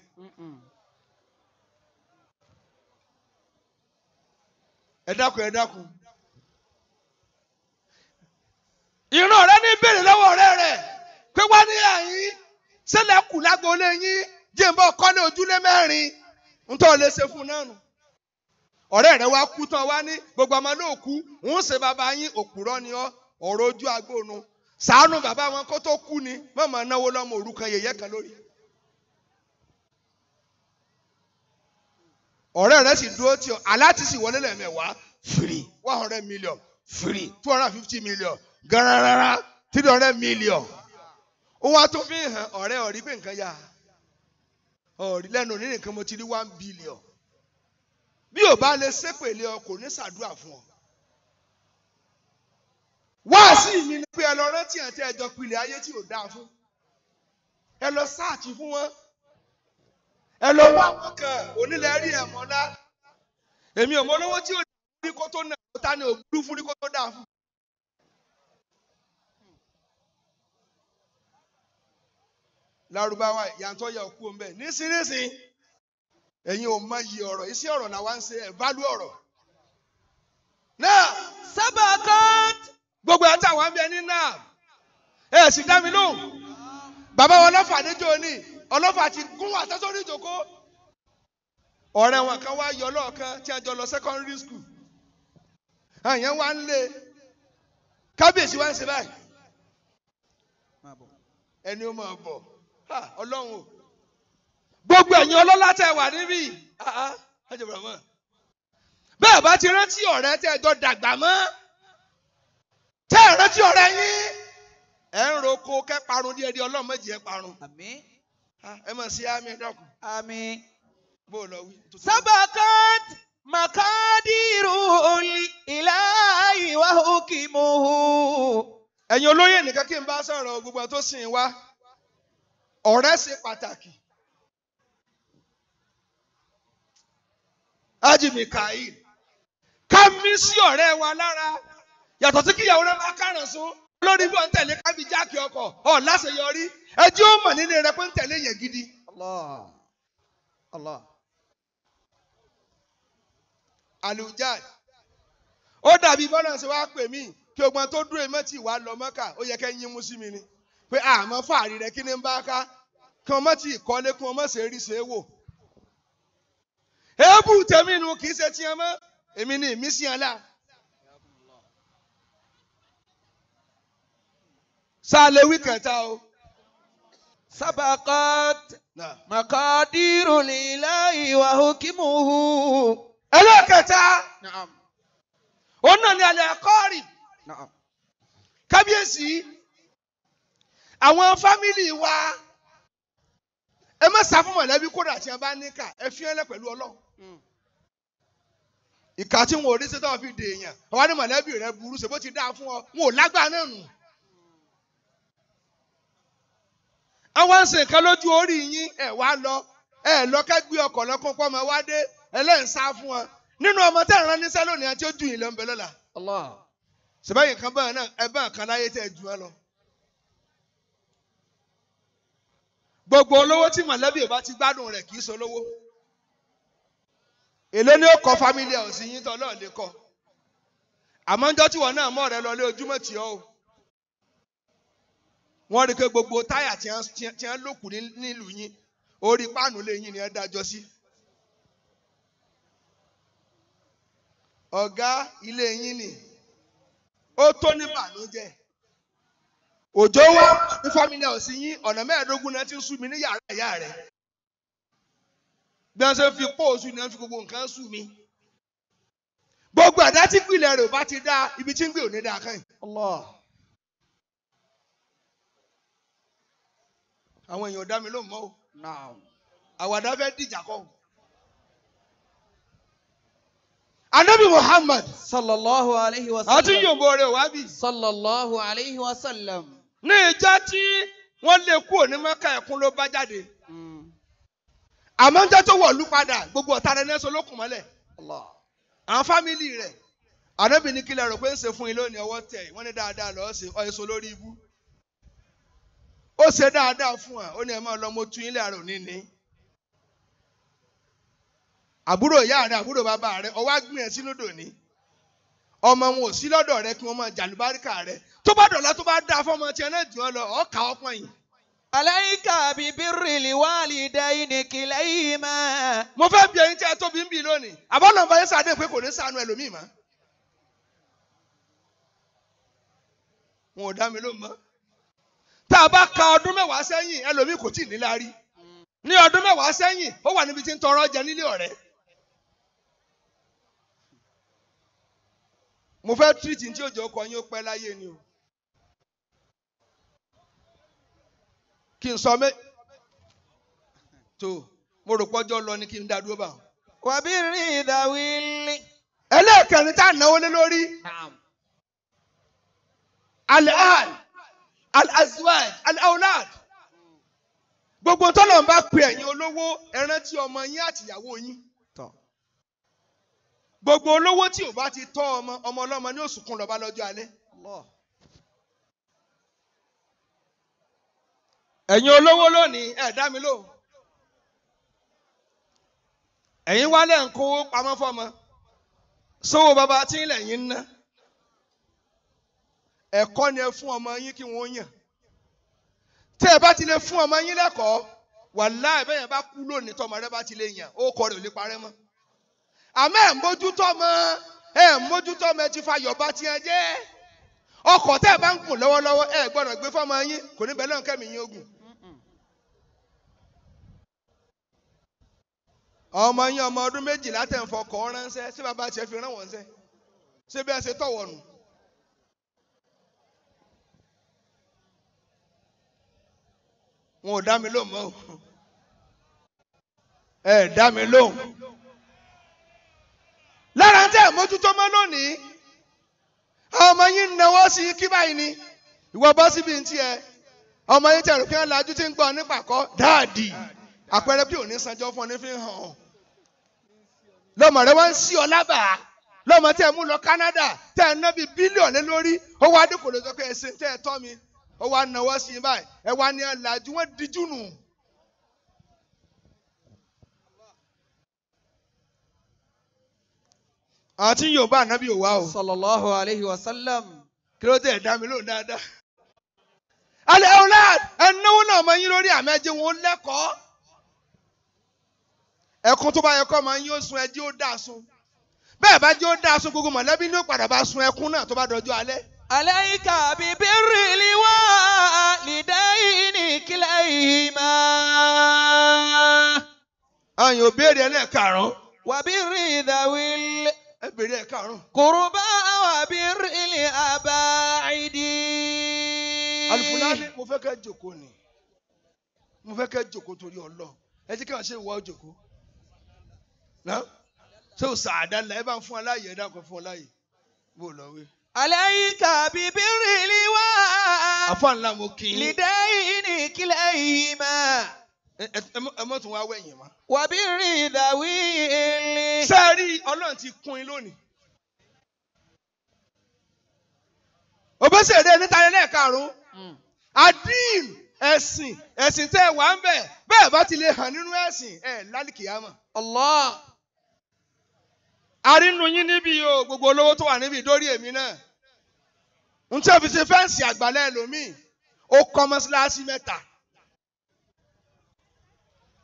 ẹ dákun ẹ dákun ìran rẹ ní béèrè lọ́wọ́ ọ̀rẹ́ rẹ pé wá ní àyín ṣẹlẹ̀ kù lágboolé yín jẹ́nbọ́ kọ́ ní ojúlé mẹ́rin ń tọ́ lè ṣe fún náà nù. ọ̀rẹ́ rẹ wá kú tán wá ní gbogbo ọmọ náà kú ń ṣe bàbá yín òpùrọ́ ni ọ ọ̀rọ̀ ojú agbóònù ṣàánú bàbá wọn kó tó kú ni mọ̀mọ́ náwó lọ́mọ òrukàn yẹ̀yẹ́ kan lórí. ọ̀rẹ́ rẹ sì dúró tí aláti sì wọlé lẹ́mẹ̀wá free one hundred million free two hundred and fifty million gararara three hundred million ó wá tó fi hàn ọ̀rẹ́ ọ̀rí pé nǹkan yà ọ̀rí lẹ́nu ní nǹkan mo ti rí one billion bí ò bá lè ṣépèlé ọ kò ní ṣàdúrà fún ọ. wáàsí mi ni pé ẹ lọ rántí àti ẹjọ pilẹ̀ ayé tí ò dáa fún ẹ lọ sáàtì fún wọn ẹ lọ wá wọn kan onílẹ̀ rí ẹ̀ mọ́lá èmi ò mọ olówó tí ò dáa kó tó nà ta ni ò burú fún rí kó tó dáa fún lárúbáwá yàtọ̀ yà kú ọmọ ẹ ẹ̀yin ò mọ iye ọ̀rọ̀ iṣẹ́ ọ̀rọ̀ náà wá ń ṣe ẹ̀ ọ̀rọ̀ náà gbogbo àtàwọn àmì náà sì dá mi lóhùn bàbá wọn ọlọ́fà níjó ni ọlọ́fà ti gún àtẹ́sórí ìjòkó ọ̀rẹ́ wọn kan wá yọ lọ́ọ̀kan tí a jọ lọ secondary school àyàn wá ń lé kábíyèsí wá ń ṣe báyìí ẹni ó máa Ah, ọlọ́run o gbogbo ẹ̀yin ọlọ́lá tẹ wà níbí ah, ah. bẹ́ẹ̀ bá ti rántí ọ̀rẹ́ tẹ́ jọ dàgbà tẹ́ rántí ọ̀rẹ́ yín ẹ̀ ń roko kẹ́ parun díẹ̀ díẹ̀ ọlọ́run méjì ẹ̀ parun ẹ mọ̀ sí bó lọ wí. makadiru ilayi wa ẹ̀yin olóyè nìkan kí n bá sọ̀rọ̀ gbogbo tó sìn wá. ọ̀rẹ́ ṣe pàtàkì. Ájì Mikael ká mí sí ọ̀rẹ́ wa lára yàtọ̀ sí kíyàwó rẹ máa káràn sún lórí bí wọ́n tẹ̀lé kábí jáàkì ọkọ̀ ọ̀ ó mọ̀ nílé rẹ pé ń gidi. Allah ó dàbí bọ́lá ṣe wá pè mí kí tó lọ mọ́kà ó yẹ kẹ́ yín mú sí ni. pé àmọ́ fàárì rẹ kí ni ń bá ká kí wọ́n mọ̀ tí ìkọ́lé kí wọ́n mọ̀ ṣe rí ṣe é wò. èébù tèmi nu kì í ṣe tiẹ̀ mọ́ èmi ni ìmísí ọ̀la. sáàlẹ̀ wí kẹta o. sábàkọ́t makadiru lilahi wa hukimuhu. ẹlẹ́kẹta òun náà ni alẹ́ kọ́ọ̀rì kábíyèsí. àwọn fámìlì wa ẹ má sá fún mọ̀lẹ́bí kódà tí ẹ bá ní ẹ fi ẹlẹ́ pẹ̀lú ọlọ́run hmm. ìka tí wọn ò rí fi dè èèyàn ọwọ́ rẹ burú ṣe ti dáa fún ọ wọn ò náà nù. àwọn lọ ẹ lọ kẹgbẹ ọkọ lọkàn dé fún ọmọ tẹ́ àti ìlẹ̀ ń lọ́la. ṣùgbọ́n báyìí náà ẹ bá tẹ́ ẹ gbogbo olówó tí mọ̀lẹ́bí bá ti gbádùn rẹ̀ kì í solówó èlé ni ó kọ family house yín tọ́ náà lè kọ àmọ́ ń jọ́ tí wọ́n náà mọ̀ rẹ lọ lé ojúmọ́ tì ọ́ o wọ́n rí i pé gbogbo táyà tí wọ́n lòkù nílùú yín orí páànù lè yín ni ẹ dájọ́ sí. ọ̀gá ilé yín ni ó tó ní bànújẹ́. òjò wá ní fámìlì ọ̀sìn yín ọ̀nà mẹ́ẹ̀ẹ́dógún náà ti ń sú mi ní yàrá ìyá rẹ̀ bí wọ́n ṣe fi fi gbogbo nǹkan sú mi gbogbo àdá tí ti dá ibi tí ń gbé òní dá kàn yín. àwọn èèyàn dá mi ló mọ́ o fẹ́ Anabi Muhammad. Sallallahu alaihi wa A tún yòǹbó rẹ̀ ní ìjọ tí wọ́n lé kúrò ní mọ́kà ẹ̀kún ló bá jáde àmọ́ ń jẹ́ tó wọ̀lú padà gbogbo ọ̀tá rẹ̀ nẹ́sọ lókùn mọ́lẹ̀ àwọn fámìlì rẹ̀ àdébìnrin kílẹ̀ rò pé ń ṣe fún yín lónìí ọwọ́ tẹ̀ wọ́n ní dáadáa lọ́ọ́ ṣe ọ èso lórí ibú ó ṣe dáadáa fún wa ó ní ẹ máa lọ mo tún yín láàárọ̀ òní ni àbúrò ìyá rẹ̀ àbúrò bàbá rẹ̀ ọwọ́ á gbìyànjú lódò ní ọmọ wọn ò sí lọ́dọ̀ rẹ kí wọ́n máa jàlùbáríkà rẹ tó bá dọ̀la tó bá dá fọmọ tiẹ̀ náà jù ọ lọ ọ̀ọ́kà ọpọ́n yìí. aláìka bíbí rìlì wálì dẹ ìnìkìlẹ̀ yìí mọ́. mo fẹ́ bí ẹyin tí ẹ tóbi ń bì lónìí àbọ̀nà bá yẹn sàdé pé kò ní sànú ẹlòmíì mọ́. wọn ò dá mi ló mọ́. tá a bá ka ọdún mẹ́wàá sẹ́yìn ẹlòmíì kò tí ì níláárí. ní ọdún mẹ́wàá sẹ́yìn ó wà níbi tí ń tọrọ jẹ nílé ọ̀rẹ́ mo fẹ́ tírìtì ní tí òjò ọkọ yín ó pẹ́ láyé ni o kí n sọ mé tó mo rò pọ́jọ́ lọ ni kí n dá dúró bá wọn. wàbí rí ìdáwílì. ẹlẹ́ẹ̀kẹrin tá à náwó lé lórí. al-ahl al gbogbo tọ́lọ̀ ń bá pè ẹ̀yin olówó ẹ rántí ọmọ yín àtìyàwó yín. gbogbo olówó tí ò bá ti tọ́ ọmọ ọmọ ọlọ́mọ ní òsùnkún lọ́ba lọ́jọ́ alẹ́. ẹ̀yin olówó lónìí ẹ̀ dá mi lò ẹ̀yin wálẹ̀ ń kó pamọ́ fọmọ sówó bàbá tí ń lẹ̀yìn ń ná ẹ̀kọ́ ni ẹ fún ọmọ yín kí wọ́n yàn tẹ́ ẹ bá ti lè fún ọmọ yín lẹ́kọ̀ọ́ wàláì bẹ́ẹ̀ bá kú lónìí tọmọ rẹ bá ti lè yàn ó kọ rẹ̀ ò lè parẹ́ mọ́. amen mójútó ọmọ ẹ̀ ti fa yọ̀bá tí ẹ jẹ́ ọkọ̀ tẹ́ ẹ bá ń gùn lọ́wọ́lọ́wọ́ ẹ gbé yín kò ní yín ogun. ọmọ yín ọmọ ọdún méjìlá tẹ̀ ń fọkọ̀ ránṣẹ́ sí bàbá fi ṣé bí ẹ lára tẹ́ mójútó mọ́ lónìí àwọn ọmọ yín náwó sí kí báyìí ni ìwọ bọ́ síbi ń tiẹ̀ ọmọ yín tẹ̀rù kí wọ́n lajú tí ń gbọ́ nípa kọ́ dáàdì àpẹẹrẹ bí òní sanjọ́ fún ọ ní fi hàn ọ́ lọ́mọ rẹ wọ́n ń sí ọ lábàá lọ́mọ tẹ́ mú lọ Canada tẹ́ ná bíi bílíọ̀nù lórí ó wá dé kòlóso pé ẹ̀sìn tẹ́ ẹ tọ́ mi ó wá náwó sí báyìí ẹ wá ní ẹ lajú wọ́n dijú nù. àwọn tí ń yòó bá ànábì ò wá o. sallallahu alayhi wa sallam. kí ló dé ẹ̀dá mi lóun dáadáa. alẹ́ ọ̀la ẹnáwó náà máa ń yín lórí àmì ẹ̀jẹ̀ wọn lẹ́kọ̀ọ́. ẹkún tó bá yẹ kọ́ máa ń yín ó sun ẹjẹ́ ó dáa sun. bẹ́ẹ̀ bá jẹ́ ó dáa sun gbogbo mọ̀lẹ́bí ní ó padà bá sun ẹkún náà tó bá dọjọ́ alẹ́. alayka bibirril walidayni kilahima. àyàn ò béèrè ẹlẹ́ẹ̀karùn-ún. wàbí rí ìdáwìlì ẹ bèrè ẹ káàárọ̀. kùrùbá wà bí rìlì àbá ìdí. alùpùpù mo fẹ́ kẹ́ jòkó ni mo fẹ́ kẹ́ jòkó torí ọlọ ẹ ti káwọn ṣe ìwọ jòkó náà ṣé o sàádá la ẹ bá ń fún aláyè ẹ dákun fún aláyè bó lọ wí. aláyíká bíbí rìlì wá. àfọ̀ mo kì í. lìdẹ́yìn ní kílẹ̀ yìí máa ẹ mọ̀ tún wá wẹ̀yìn mọ́. wàbí rìn ìdàwí ilé. sẹ́ẹ̀rí ọlọ́run ti kún in lónìí. òbẹ́sẹ̀rẹ́ níta ni lẹ́ẹ̀karùn-ún. adín hmm. ẹ̀sìn ẹ̀sìn tẹ́ ẹ wà ń bẹ̀ bẹ́ẹ̀ bá ti lè hàn nínú ẹ̀sìn ẹ̀ lálìkìyàmọ̀. Allah. arínú yín níbi o gbogbo olówó tó wà níbi dórí èmi náà. n tí a fi ṣe fẹ́ǹsì àgbàlẹ́ ẹlòmíì ó kọ́ mọ́sálásí mẹ́ta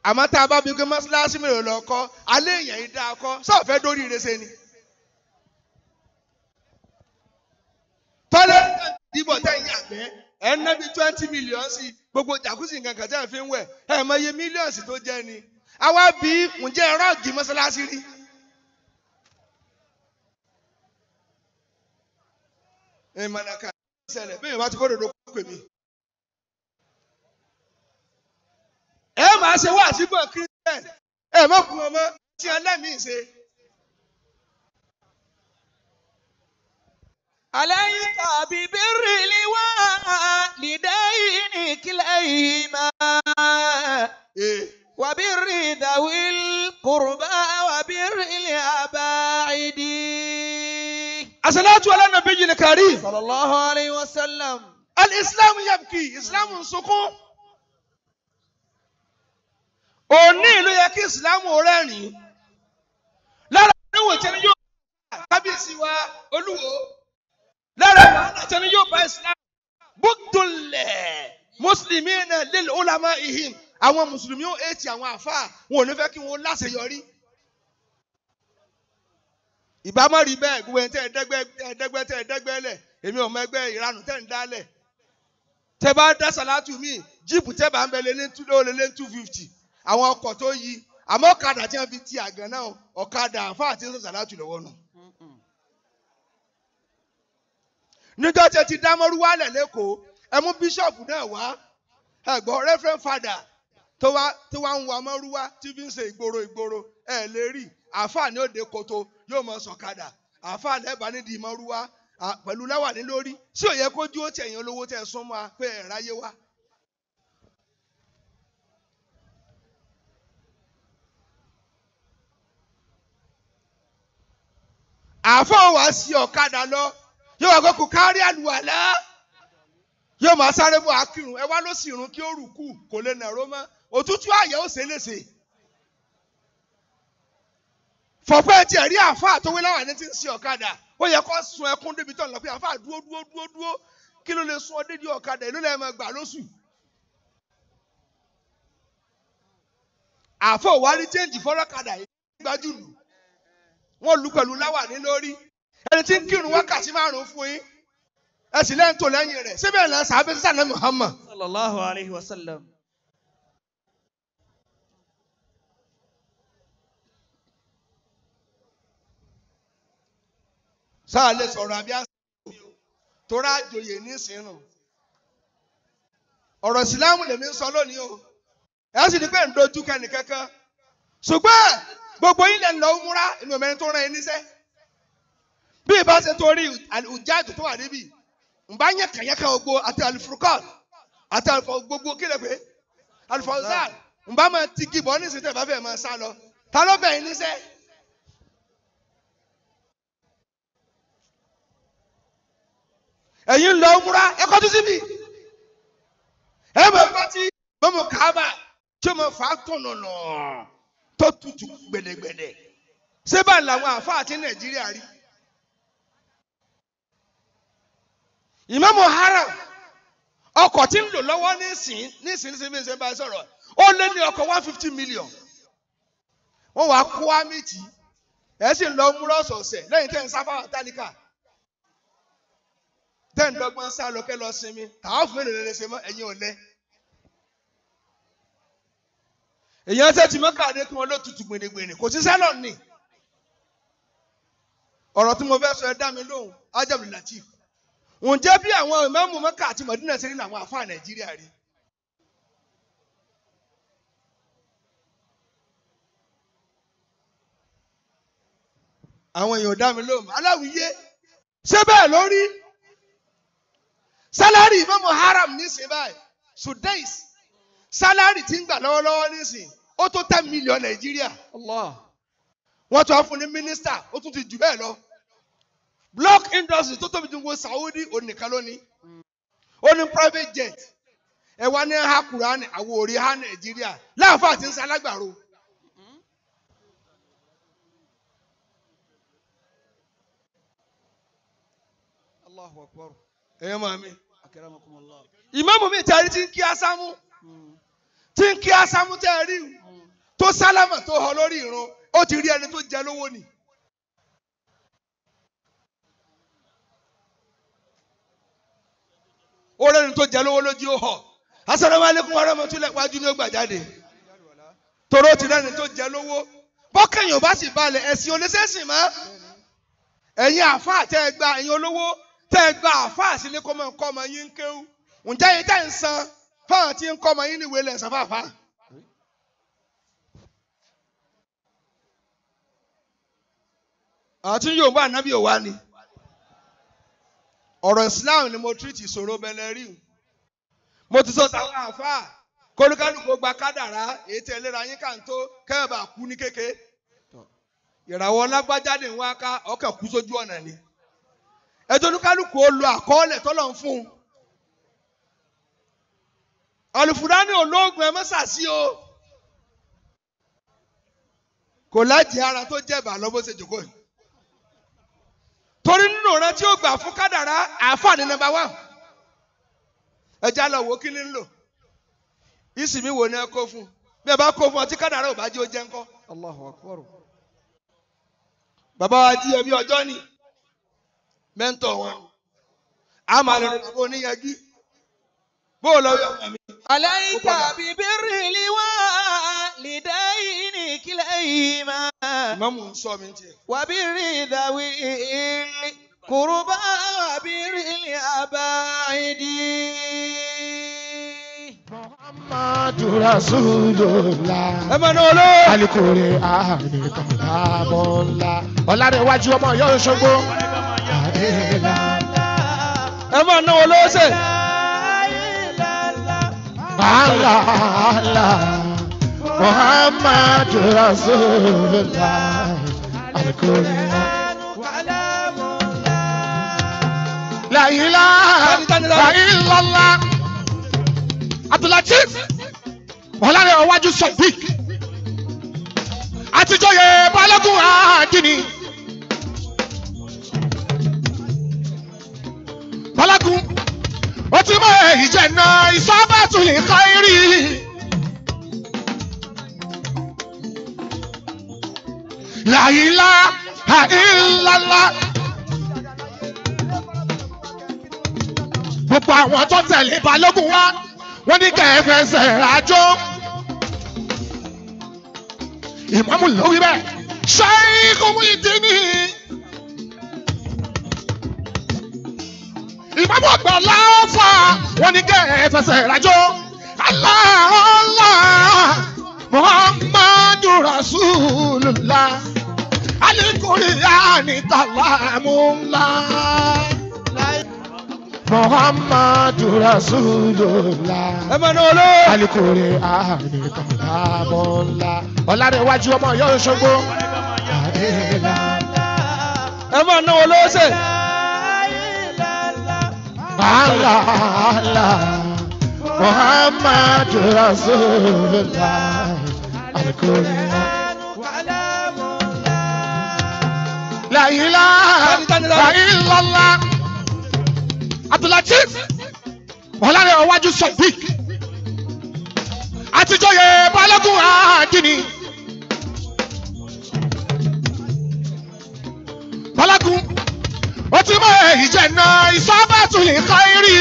àmọ́ tá a bá bí pé mọ́ṣáláṣí mélòó lọ kọ́ alẹ́ èèyàn yìí dáa kọ́ sọ́ọ̀fẹ́ dórí ìrẹsẹ̀ ni. tọ́lẹ̀ ìdìbò tẹ̀ ń yàgbẹ́ ẹ̀ ń ná twenty million sí gbogbo jacuzzi nǹkan kan tẹ̀ ń fi ń wẹ̀ ẹ̀ mọ iye millions tó jẹ́ ni. àwa bí ǹjẹ́ rọ́ọ̀gì mọ́ṣáláṣí rí. ìmọ̀nà ṣẹlẹ̀ bí èèyàn bá ti kó dòdò kó pè mí. ẹ máa ṣe wá àtìgbọ̀n christian ẹ má bu ọmọ tí ẹlẹ́mìí ṣe. àlẹ́yìn tàbí bírì ni wá lìdẹ́yìn ní kílẹ̀ yìí máa. وبر ذوي القربى وبر الأباعد الصلاة على النبي الكريم صلى الله عليه وسلم الإسلام يبكي إسلام سكون òní ìlú yẹ kí ìsìlámù rẹ́rìn lára àdéhùn ìtẹni yóò bá kábíyèsí wa olúwo lára àwọn ìtẹni yóò bá ìsìlámù bùdùlẹ̀ mùsùlùmí náà lílù ọlámà ìhìn àwọn mùsùlùmí ó ètì àwọn àfáà wọn ò ní fẹ́ kí wọn láṣeyọrí ìbámu rí bẹ́ẹ̀ gbogbo ẹni tẹ́ ẹ̀ẹ́dẹ́gbẹ́ ẹ̀ẹ́dẹ́gbẹ́ tẹ́ ẹ̀ẹ́dẹ́gbẹ́ lẹ̀ èmi ò mọ ẹgbẹ́ ìranù tẹ́ ń dálẹ̀ tẹ́ bá dá sàlátù mi jíìpù tẹ́ bá ń bẹ lé ní two fifty àwọn ọkọ̀ tó yí àmọ́ ọ̀kadà tí wọ́n fi ti àgàn náà ọ̀kadà àfáà tí ń sọ̀sà láti lọ́wọ́ nù. níjọ́ tí ẹ ti dámọ́rú wálẹ̀ lẹ́kọ̀ọ́ ẹ mú bíṣọ̀pù náà wá ẹ̀gbọ́n reverend father tó wá tó wá ń wa mọ́rú wá tí fi ń ṣe ìgboro ìgboro ẹ lè rí àáfàá ní òde koto yóò mọ sọ̀kadà àáfàá lẹ́bàá nídìí mọ́rú wá pẹ̀lú láwà ní lórí sí òye kójú ó tẹ̀yìn olówó tẹ̀ súnmọ́ pé ẹ̀ wá. àáfàá wa sí ọ̀kadà lọ yóò wá kókò kárí àlùwàlá yóò máa sáré bọ̀ akírun ẹ wá ló sì rún kí ó rù kù kò lè nàró mọ́ òtútù àyè ó ṣe léṣe. fọ̀pẹ́ tiẹ̀ rí àáfàá tó wé láwọn ẹni tí ń sí ọ̀kadà ó yẹ kó sun ẹkún débi tó lọ pé àáfàá dúró dúró dúró dúró kí ló lè sun ọdẹ di ọ̀kadà ìlú lẹ́yìn máa gbà lóṣù. àáfàá ò rí chẹ́ǹjì fọ́lọ́kadà yìí gbájú wọ́n lù pẹ̀lú láwàní lórí ẹni tí ń kírun wákàtí márùn fún yín ẹ sì tó lẹ́yìn rẹ̀ síbẹ̀ náà sàbẹ̀ sànà Muhammad. sáà lè sọ̀rọ̀ àbí àṣà torí àjòyè nísìnyí ọ̀rọ̀ ìsìláàmù lèmi ń sọ lónìí o ẹ sì ní pé ń dojú kẹ́nìkankan ṣùgbọ́n gbogbo yín lè lọ múra inú ọmọ ẹni tó rán ẹ níṣẹ́ bí ìbá ṣe torí ìjáàjò tó wà níbí ǹbá yẹkànyẹkà gbogbo àti alifurukal àti alifọ gbogbo kílẹ̀ pé alifọzal ǹbá máa ti gibọ níṣẹ́ tẹ̀ bá fẹ́ máa sá lọ ta ló bẹ̀ yín níṣẹ́. ẹ̀yin lọ múra ẹ kọjú síbi ẹ mọ̀ bá ti mọ̀mọ́ kábà tí o mọ̀ fà á tó tutù gbẹ̀dẹ̀gbẹ̀dẹ̀ ṣé báyìí làwọn àáfàá ti nàìjíríà rí ìmáàmù haram ọkọ̀ tí ń lò lọ́wọ́ nísìn nísìn nísìn bí n ṣe bá sọ̀rọ̀ ó lé ní ọkọ̀ one fifty million wọ́n wàá kó àmìtì ẹ̀ sì ń lọ múrọ̀ ọ̀sọ̀ọ̀sẹ̀ lẹ́yìn tẹ́ ń sáfà tálíkà tẹ́ ń dọ́gbọ́n sá lọ lọ sinmi tàwọn fún mi lè lè ṣe mọ́ ẹ̀yin ò lẹ́. èyàn ṣe ti mọ́kàdé kí wọ́n ló tutù gbìnìgbìnì kò sí sẹ́lọ̀ ni ọ̀rọ̀ tí mo fẹ́ sọ ẹ dá mi lóhùn Ajabul Latif ǹjẹ́ bí àwọn ìmáàmù Mẹ́kà àti Mọ̀dínà ṣe rí làwọn àfáà Nàìjíríà rí àwọn èèyàn dá mi lóhùn aláwìyé ṣé bẹ́ẹ̀ lórí sálárì ìmáàmù haram ní ṣe báyìí sudais sálárì tí ń gbà lọ́wọ́lọ́wọ́ nísìn ó tó ten million nàìjíríà wọ́n tún á fún ní mínísítà ó tún ti jù bẹ́ẹ̀ lọ block industry tó tóbi jù ń wo Saudi onìkan lónìí ó ní private jet ẹ wá ní ha Kùránì àwọn òrí ha nàìjíríà láàfáà ti ń sálágbàro. Allahu akbar. Ẹ̀yẹ́ máa mi. Ìmáàmù mi tari ti ń kí asámú. Hmm. tí ń kí asámú tẹ́ ẹ rí tó sálámà tó họ lórí ìrun ó ti rí ẹni tó jẹ lówó ni. ó rẹ́ni tó jẹ lówó lójú ó họ asalamu alaikum warahmatullahi wájú ni ó gbà jáde toró ti rẹ́ni tó jẹ lówó bọ́kẹ́yìn ò bá sì balẹ̀ ẹ̀sìn oníṣẹ́sìn mọ́ ẹ̀yin àáfàá tẹ́ ẹ gba ẹ̀yin olówó tẹ́ ẹ gba àáfàá sílé kọ́mọ ọmọ yín ń kéwú ǹjẹ́ yìí tẹ́ ń san fáwọn tí ń kọ́ ọmọ yín níwèé lẹ́sàn fáfá. àti yóò bá ni ọ̀rọ̀ Islam ni mo tírìtì ìṣòro bẹlẹ́rìí mo ti sọ táwọn àáfàá gba kádàrá èyí tẹ yín kà ń tó kẹ́ẹ̀bà kú ní kéke ìràwọ̀ lágbájáde ń wá ni lo alùfùdání olóògùn ẹ mọ́sàsí o kò láti ara tó jẹ̀bà lọ́wọ́ ṣe jòkó yìí torí nínú ọ̀ràn tí ó gbà fún kádàrá àǹfààní nọ́mbà wán ẹja lọ wò kí ni ń lò ìsinmi wo ni ẹ kó fún bí ẹ bá kó fún ọtí kádàrá ò bá jẹ́ ó jẹ́ ńkọ́ bàbá wa jí ẹbí ọjọ́ ni mẹ́ńtọ̀ wọn a máa lọ rẹ̀ bàbá oníyanjú bó o lọ yọ ọmọ mi. aláìka bíbélì ni wá lìdá yìí ní kílẹ̀ yìí máa. ìmọ̀mù ń sọ mi tiẹ̀. wà á bí rí ìdáwí ìlì wà á bí rí ìlì àbáyédì. Muhammadu Rasulullah. Ẹ Alikore àmì kàbọ̀ ńlá. Ọ̀làdéwájú ọmọ yóò ṣogbó. Àdéhìlá. Ẹ Allah, Allah, Muhammad Rasulullah, Al-Qur'an. La ilaha illallah. Abdulatif Ọ̀làrẹ̀ ọ̀wájú Sọ̀bík àtijọ́yè balógun àdìní. Balógun ó ti mọ ìjẹ̀nà ìsọ́bàtúlì káírí. làyílá àìlálá. gbogbo àwọn tó tẹ̀lé balógun wá wọ́n ní kẹfẹsẹ̀ àjò. ìmọ̀mù ló wí bẹ́ẹ̀ ṣáíkù ìdí nìyí. ìmọ̀mọ̀ gbọ́ láàfà wọn ni kẹ́ ẹ fẹsẹ̀ rájò aláàlá muhammadu rasulullah alikuri anitalamu ńlá muhammadu rasulullah alikuri anitalamu ńlá ọ̀làdéwájú ọmọ yóò ṣogbo. ẹ máa ná olóṣè. Allah, Allah, Muhammad Rasulullah, Al-Qur'an. La ilaha illallah. Abdulatif Ọ̀làrẹ̀ ọ̀wájú Sọ̀bík àtijọ́yè balógun àdìní. Balógun ó ti mọ ìjẹ̀nà ìsọ́bàtúlì káírí.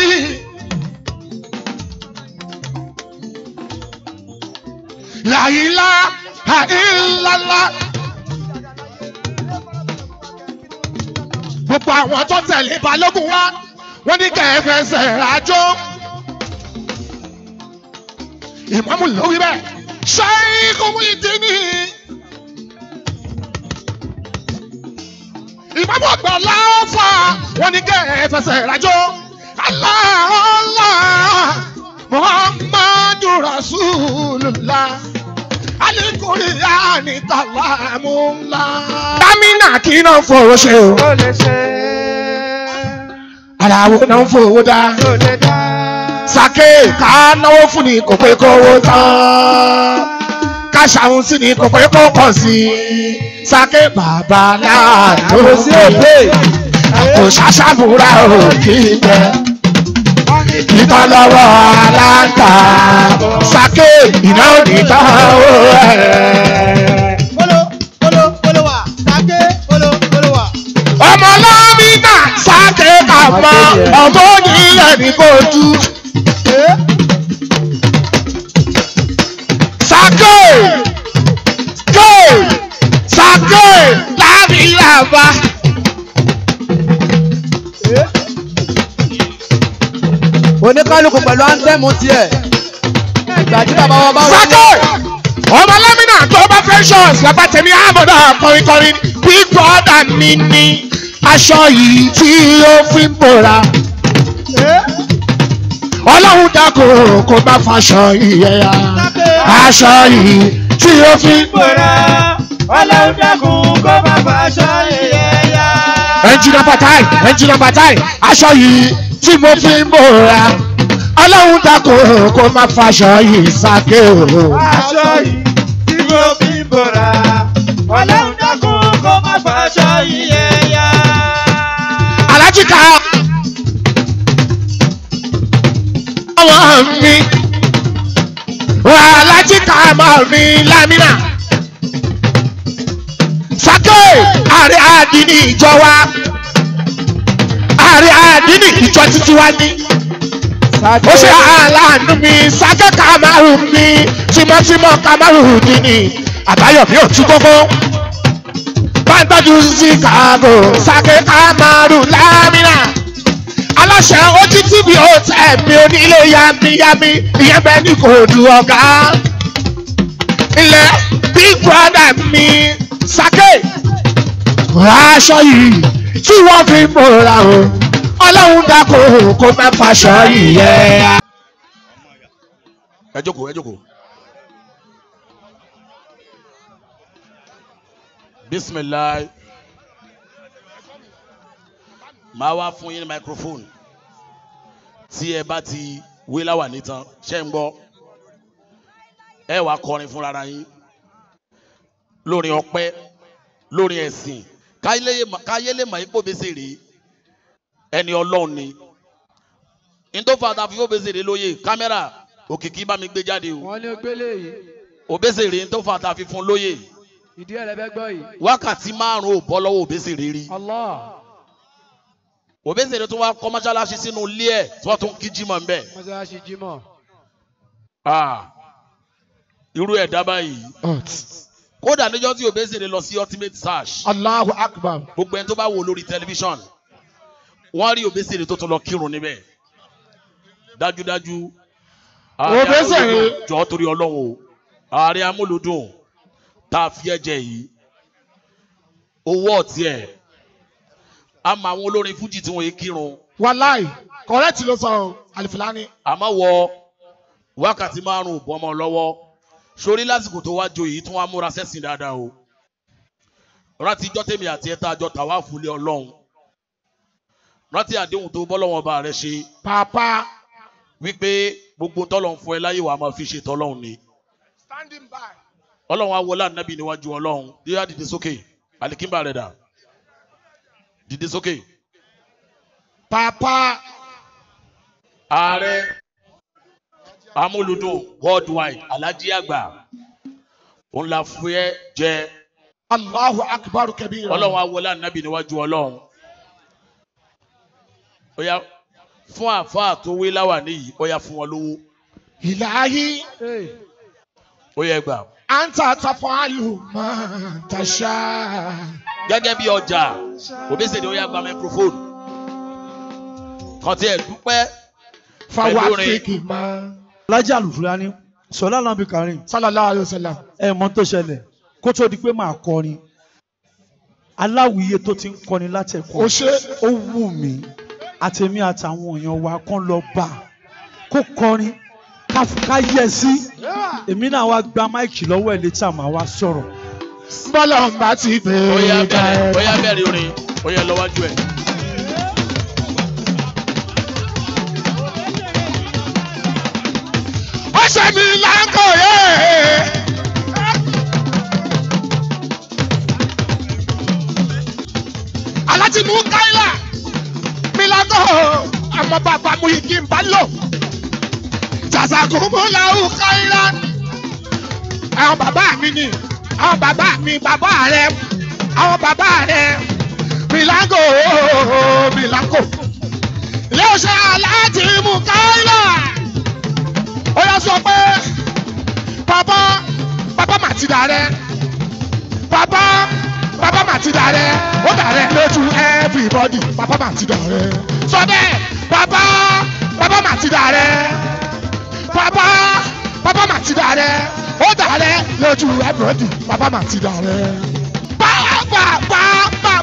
làyílá àìlálá. gbogbo àwọn tó tẹ̀lé balógun wá wọ́n ní kẹfẹsẹ̀ àjò. ìmọ̀mù ló wí bẹ́ẹ̀ ṣáà ikú wí dín ní. ìmáàmù àgbà láàfà wọn ni kẹ́ ẹ aláàlá muhammadu rasulullah alikuri anitalamu ńlá. támínà kí náà fọwọ́ ṣe o. ó lè ṣe aláwo náà ń fowó dá sàkè ká náwó fún ni kò pé kówó tán káṣàhùn sí ní kọ̀kọ́ yóò kọ́kọ́ sí i sake bàbá láàdó sí òde kò ṣàṣàbùrà òkè jẹ ìtàn lọ́wọ́ aláǹtà sake iná òdìtàn ó ẹ̀. ọmọ lọ́mí náà sake kà mọ́ ọmọ oníyẹ̀ ní kò tú. sake sake sake láàrin làbá. oníkálukú pẹ̀lú áńtẹ́mù tiẹ̀ ìgbà tí bàbá wa bá wọlé. sake ọmọ lẹ́mìnà global fashions bàbá tèmi àbọ̀dá kọrinkọrin big brother mi ni aṣọ yìí tí ó fi ń bòra. ọlọ́run dákòó kó bá faṣọ ìyẹ́ra aṣọ yìí tí ó fi gbòòrò ọlọ́run dákun kó má fàṣọ yìí yá. ẹnjìnà bàtáì ẹnjìnà bàtáì aṣọ yìí tí mo fi ń bòòrà ọlọ́run dákun kó má fàṣọ yìí sáké o. aṣọ yìí tí mo fi ń bòòrà ọlọ́run dákun kó má fàṣọ yìí yá. alájíkà. Ọwọ́ mi amọ̀rin lámìnà. sake ààrẹ àdínì ìjọ wa ààrẹ àdínì ìjọ títí wa ní. ó ṣe aláàánú mi sake kamaru mi tímọ́tímọ́ kamaru dínì àbáyọ̀mí ò tú kókó. pàǹtọ́jú chicago sake kamaru lámìnà aláṣẹ ojú tv hotel mi onílé yami yami ìyẹn bẹ́ẹ̀ ni kò du ọ̀gá ilẹ̀ big brother mi sake aṣọ yìí tí wọ́n fi bòra o ọlọ́run dákò kó má faṣọ yìí ẹ jókòó ẹ jókòó. bisimilayi máa wá fún yín ní microphone tí ẹ bá ti wé láwà nítan ṣé ń gbọ́ ẹ wàá kọrin fúnra ara yín lórí ọpẹ́ lórí ẹ̀sìn káyélé mọ ipò bẹsẹ rèé ẹni Ọlọ́run ni ntòfà tá a fi bẹsẹ rèé lóye kámẹ́rà òkìkí bá mi gbé jáde o wọ́n ní o gbélé yìí òbẹsẹ rèé ntòfà tá fún lóye ìdí ẹ lẹbẹ gbọ́ yìí wákàtí márùn ò bọ́ lọ́wọ́ òbẹsẹ rèé rí Allah òbẹsẹ rèé tó wá kọ́ mọ́ṣáláṣí sínú ilé ẹ̀ tí wọ́n tún kí jímọ̀ ń bẹ̀. mọ́ṣáláṣí jímọ̀ irú ẹ̀dá báyìí kódà níjọ́ tí Obesere lọ sí ultimate search. Allahu Akbar. gbogbo ẹni tó bá wò lórí tẹlifíṣàn wọ́n rí Obesere tó tún lọ kírun níbẹ̀ dájúdájú. Obesere jọ torí Ọlọ́run o ààrẹ amúlùdùn tá a fi ẹ̀jẹ̀ yìí owó ọ̀tí ẹ̀ a máa wọn olórin fújì tí wọ́n yé kírun. wàláì kọ̀rẹ́tì ló sọ àlìfìlà ni. àmọ́ wọ wákàtí márùn-ún bọ́mọ lọ́wọ́ sórí lásìkò tó wá joyè tí wọ́n á múra sẹ́sìn dáadáa o rántí ijọ́ tèmi àti ẹ̀ta àjọ tàwa fúlẹ̀ ọlọ́run rántí àdéhùn tó bọ́lọ́wọ́n bá rẹ ṣe pàápà wípé gbogbo tọ́lọ́run fún ẹ láyé wàá máa fi ṣe tọ́lọ́run ni ọlọ́run á wọlé níwájú ọlọ́run dídá dìde sókè àlìkínbà rẹ̀ dà dìde sókè pàápà ààrẹ amúlùdùn worldwide alájí àgbà òun la fúyẹ́ jẹ. Allahu akbar kabira. Ọlọ́run awọlá nàbì níwájú Ọlọ́run. Ó yá fún àfáà tó wé láwà níyì, ó yá fún wọn lówó. Ìlàhí. Ó yẹ gbà. À ń ta àtàfọ́ àlù máa tàṣà. bí ọjà, òbíṣe ni ó yá gba microphone. Kàn tiẹ̀ dúpẹ́. Fáwọn àfikì máa alájà àlùfúlání sọlá nàbí karim sallallahu alaihi wasallam ẹ mọ̀ tó ṣẹlẹ̀ kó tó di pé máa kọrin aláwìyé tó ti ń kọrin láti ẹ̀kọ́ ó wù mí àtẹ̀mí àtàwọn èèyàn wa kán lọ bá kó kọrin ká yẹ sí èmi náà wá gba máìkì lọ́wọ́ ẹ̀ létí àmọ́ àwa sọ̀rọ̀. bọ́lá ọ̀nba ti bẹ̀rẹ̀ bẹ́ẹ̀. ó yá bẹ̀rẹ̀ orin ó yá lọ́wájú ẹ̀. sẹ́mi láńkọ̀ọ́yé. aláti mú káyọ̀ milago àmọ́ bàbá mu yìí kí n bá lò sàṣàkùnmó làwọn káyọ̀ àwọn bàbá mi ni àwọn bàbá mi bàbá rẹ àwọn bàbá rẹ milago milago ilé ọ̀sẹ̀ aláti káyọ̀ ó yá sọ pé bàbá bàbá mà ti dà rẹ bàbá bàbá mà ti dà ó dà lójú everybody papa mà ti dà rẹ sọ bẹ́ẹ̀ bàbá papa, mà ti dà rẹ bàbá bàbá ti dà ó dà lójú everybody papa mà ti dà papa, bàbá bàbá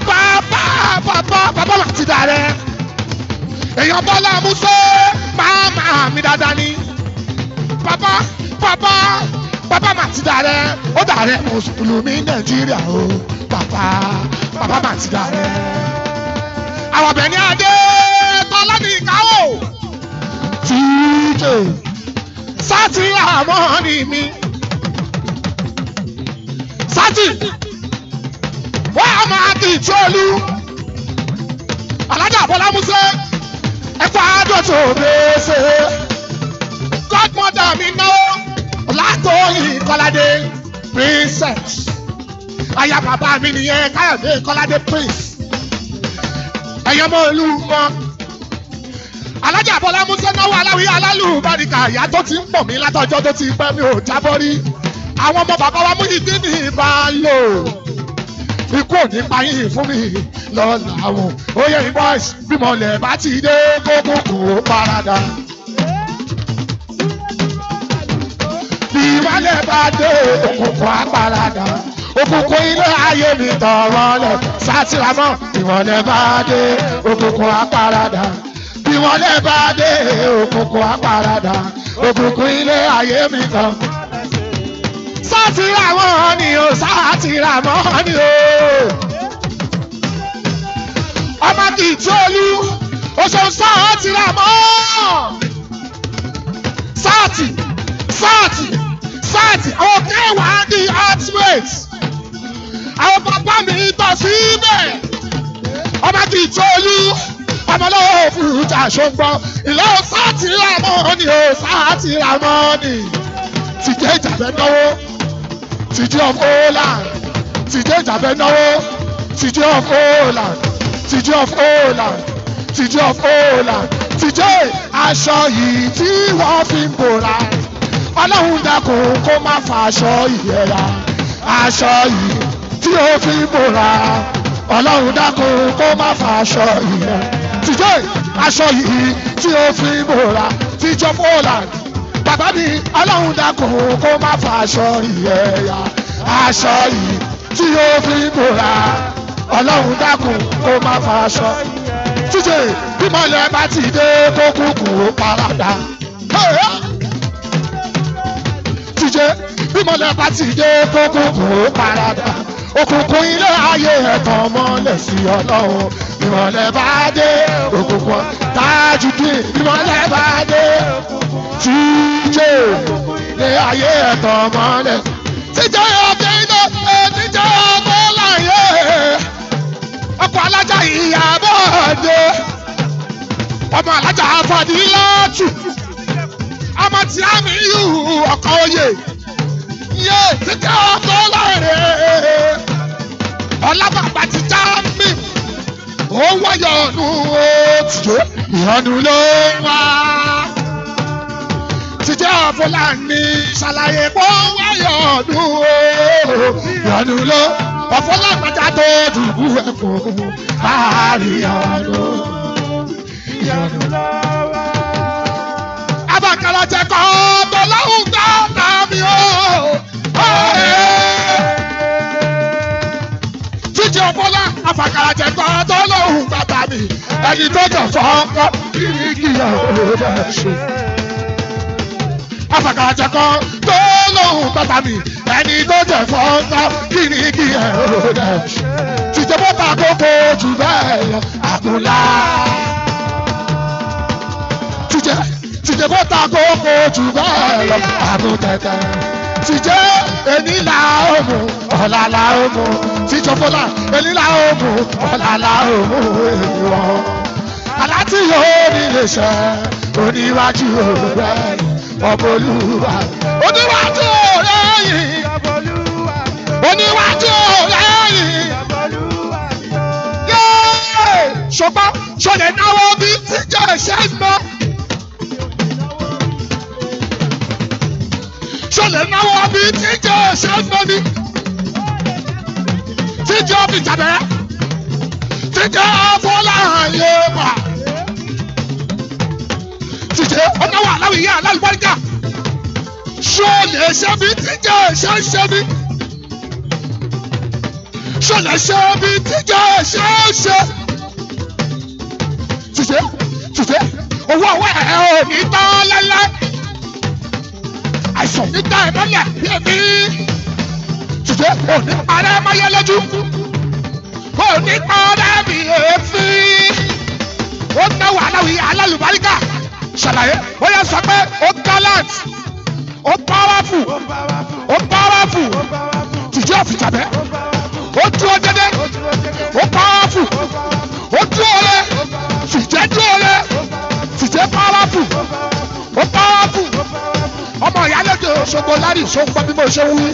bàbá bàbá bàbá mà ti dà rẹ èèyàn bọ́lá musa máa máa mi dáadáa ni. Papa, papa, papa, mati dare, o dare dàrẹ́ mùsùlùmí Nigeria. o papa, papa, mati dare. dàrẹ́. àwọn ade, adé tọ́lá ní ìkáwó tíjè sátì ni mi sátì wa á máa di ìtúọ̀lù alájà bọ́lá musa ẹ̀kọ́ àádọ́tò Black mother mi náwó Ọlátóyìn Kọ́ládé princess aya bàbá mi nìyẹn Káyọ̀dé Kọ́ládé prince ẹ̀yọ́ mọ́ olú mọ́ alájà Bọ́lá Musa náwó aláwí alálùbáríkà ìyá tó ti ń pọ̀ mí látọjọ́ tó ti pẹ́ mi ò jábọ́ rí àwọn ọmọ bàbá wa mú ìdí ní ìbá lò ikú ò ní pa yín fún mi lọ́la àwọn oyè boys bímọ lẹ̀ bá ti dé kókó kò parada. tọ́lẹ̀ bá dé òkùnkùn àpàlàdà òkùnkùn ilé ayé mi tọ̀rọ̀lẹ̀ sátìlámọ́ ìmọ̀lẹ̀ bá dé òkùnkùn àpàlàdà ìmọ̀lẹ̀ bá dé òkùnkùn àpàlàdà òkùnkùn ilé ayé mi tọ̀. sátìlámọ́ ni o sátìlámọ́ ni o ọmọ kì í tó olú oṣooṣù sátìlámọ́ sáàtì sáàtì fact òkè wà ní outways àwọn bàbá mi tọ̀ síbẹ̀ ọba kì í tó olú ọmọlọ́wọ́ òfurufú àṣọgbọ́ ìlọ sáàtì làmọ́ ni o sáàtì làmọ́ ni tìjẹ́ ìjàbẹ́ náwó tìjẹ́ of Holland tìjẹ́ ìjàbẹ́ náwó tìjẹ́ of Holland tìjẹ́ of Holland tìjẹ́ of Holland tìjẹ́ aṣọ yìí tí wọ́n fi ń bòra ọlọ́run dákun kó má fa aṣọ ìyẹra aṣọ yìí tí ó fi bòra ọlọ́run dákun kó má fa aṣọ ìyẹra tìjọ́ aṣọ yìí tí ó fi bòra tìjọ́ poland bàbá mi ọlọ́run dákun kó má fa aṣọ ìyẹra aṣọ yìí tí ó fi bòra ọlọ́run dákun kó má fa aṣọ tìjọ́ bí mọ̀lẹ́ bá ti dé kó kúkú parada. Hey, yeah ṣe ìmọ̀lẹ̀ bá ti dé kókó kò ó parada òkùnkùn ilé ayé ẹ̀tàn mọ́lẹ̀ sí ọlọ́run ìmọ̀lẹ̀ bá dé òkùnkùn tájúdín ìmọ̀lẹ̀ bá dé tíjẹ́ ilé ayé ẹ̀tàn mọ́lẹ̀ tíjẹ́ ọ̀tẹ̀ iná tíjẹ́ ọ̀tẹ̀ láyé ọkọ̀ alájà ìyàbọ̀ dé ọmọ alájà afọdí látù ọmọ tí a mi yù ọkọ oyè yé títí ọkọ lọ́rẹ̀ ọlábàbà ti já mi ó wáyọ̀ ọ̀nù tìjó ìyọnu ló ń wá tìjẹ́ ọ̀fọláàní ṣàlàyé bó wáyọ̀ ọ̀nù ìyọnu ló ọ̀fọláàgbàjá tó dùbú ẹ̀kọ́ àárín ọ̀nù ìyọnu ló. bàbá tó lóhùn bàbá mi ẹni tó jọ fọ́ọ́kọ́ kí ni kíyà òwe bẹ́ẹ̀ ṣe. afàkàjẹkọ tó lóhùn bàbá mi ẹni tó jọ fọ́ọ́kọ́ kí ni kíyà òwe bẹ́ẹ̀ ṣe. tìjọba ta kókó jù bẹ́ẹ̀ lọ àkùlá. tìjọba ta kókó jù bẹ́ẹ̀ lọ àkùtẹ̀tẹ̀ ti jẹ́ ẹni là ó mú ọ̀la là ó mú tíjọ fọlá ẹni là ó mú ọ̀la là ó mú èèwọ̀ aláti yóò ní lè ṣe oníwájú rẹ ọbọlúwa oníwájú rẹ yìí oníwájú rẹ yìí yéé ṣùgbọ́n ṣọlẹ̀ náwó bíi tíjọ ẹ̀ṣẹ́ gbọ́. ṣọlẹ̀ náwó bí tíjẹ́ ṣẹ́fẹ́mi tíjẹ́ fìjàbẹ́ tíjẹ́ fọláhàyè mà tíjẹ́ ọ̀nàwó aláwìyé aláwìbáríkà ṣọlẹ̀ ṣẹ́mi tíjẹ́ ṣẹ́ṣẹ́mi ṣọlẹ̀ ṣẹ́mi tíjẹ́ ṣẹ́ṣẹ́ tíjẹ́ tíjẹ́ owó ọwọ́ ẹ̀ ò ní tán lẹ́lẹ́ àìsàn nígbà ìmọ́lẹ̀ bí èmi ṣùgbọ́n òní parẹ́ máyé lójú òní parẹ́ mi èéfín ó náwó aláwì alálùbáríkà ṣàlàyé ó yẹ sọ pé ó gallant ó powerful ó powerful tìjú àfìjàbẹ́ ó dúró dédé ó powerful ó dúró lé tìjẹ́ dúró lé tìjẹ́ powerful ó powerful ọmọ ìyá lóde Òṣogbo lárì ṣó ń gbọ́ bí mo ṣe wí.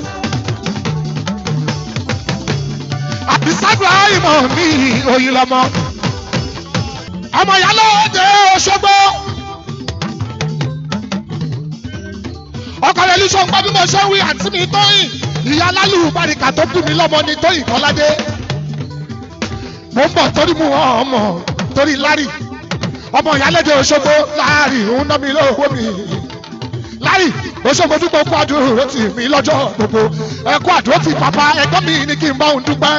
àbísádù àìmọ̀ ní oyin lọ́mọ. ọmọ ìyá lóde Òṣogbo. ọkọ rẹ̀ ló ṣó ń gbọ́ bí mo ṣe wí àǹtí mi tóyìn ìyá alálùbáríkà tó kù mí lọ́mọ ni tóyìn kọ́ládé. mo ń bọ̀ torí mu ọmọ torí lárì ọmọ ìyá lóde Òṣogbo lárì ń ná mi lówó mi láì oṣogbojú kó kó àdúró ti mi lọ́jọ́ gbogbo ẹ̀kọ́ àdúró ti bàbá ẹ̀gbọ́n mi ni kí n bá òun dúpẹ́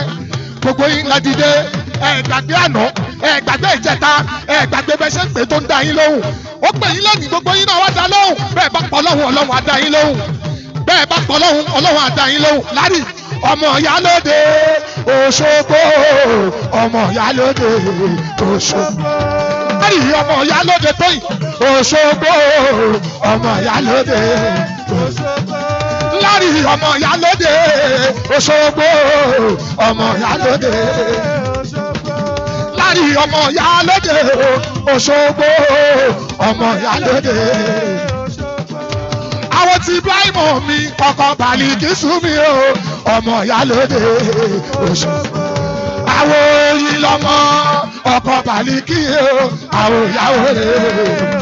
gbogbo yín la dìde ẹ gbàgbé àná ẹ gbàgbé ìjẹta ẹ gbàgbé bẹ ṣe ń pè tó ń dá yín lóhùn ó pè yín lónìí gbogbo yín náà wá dá lóhùn bẹ́ẹ̀ bá pọ̀ lọ́hùn ọlọ́hùn á yín lóhùn bẹ́ẹ̀ bá pọ̀ lọ́hùn ọlọ́hùn á yín lóhùn lárí ọmọ ìyálóde Òṣogbo ọmọ ìyálóde Òṣogbo. Mary ọmọ ìyálóde tóyìn Òṣogbo ọmọ ìyálóde Larry ọmọ ìyálóde Òṣogbo ọmọ ìyálóde Larry ọmọ ìyálóde Òṣogbo ọmọ ìyálóde àwọn tí Ibrahim mi kọkọ bàlì kìsùn mi o ọmọ ìyálóde Òṣogbo ìyàwó yìí lọ́mọ ọkọ bàlíkì o àwọn ìyàwó rẹ̀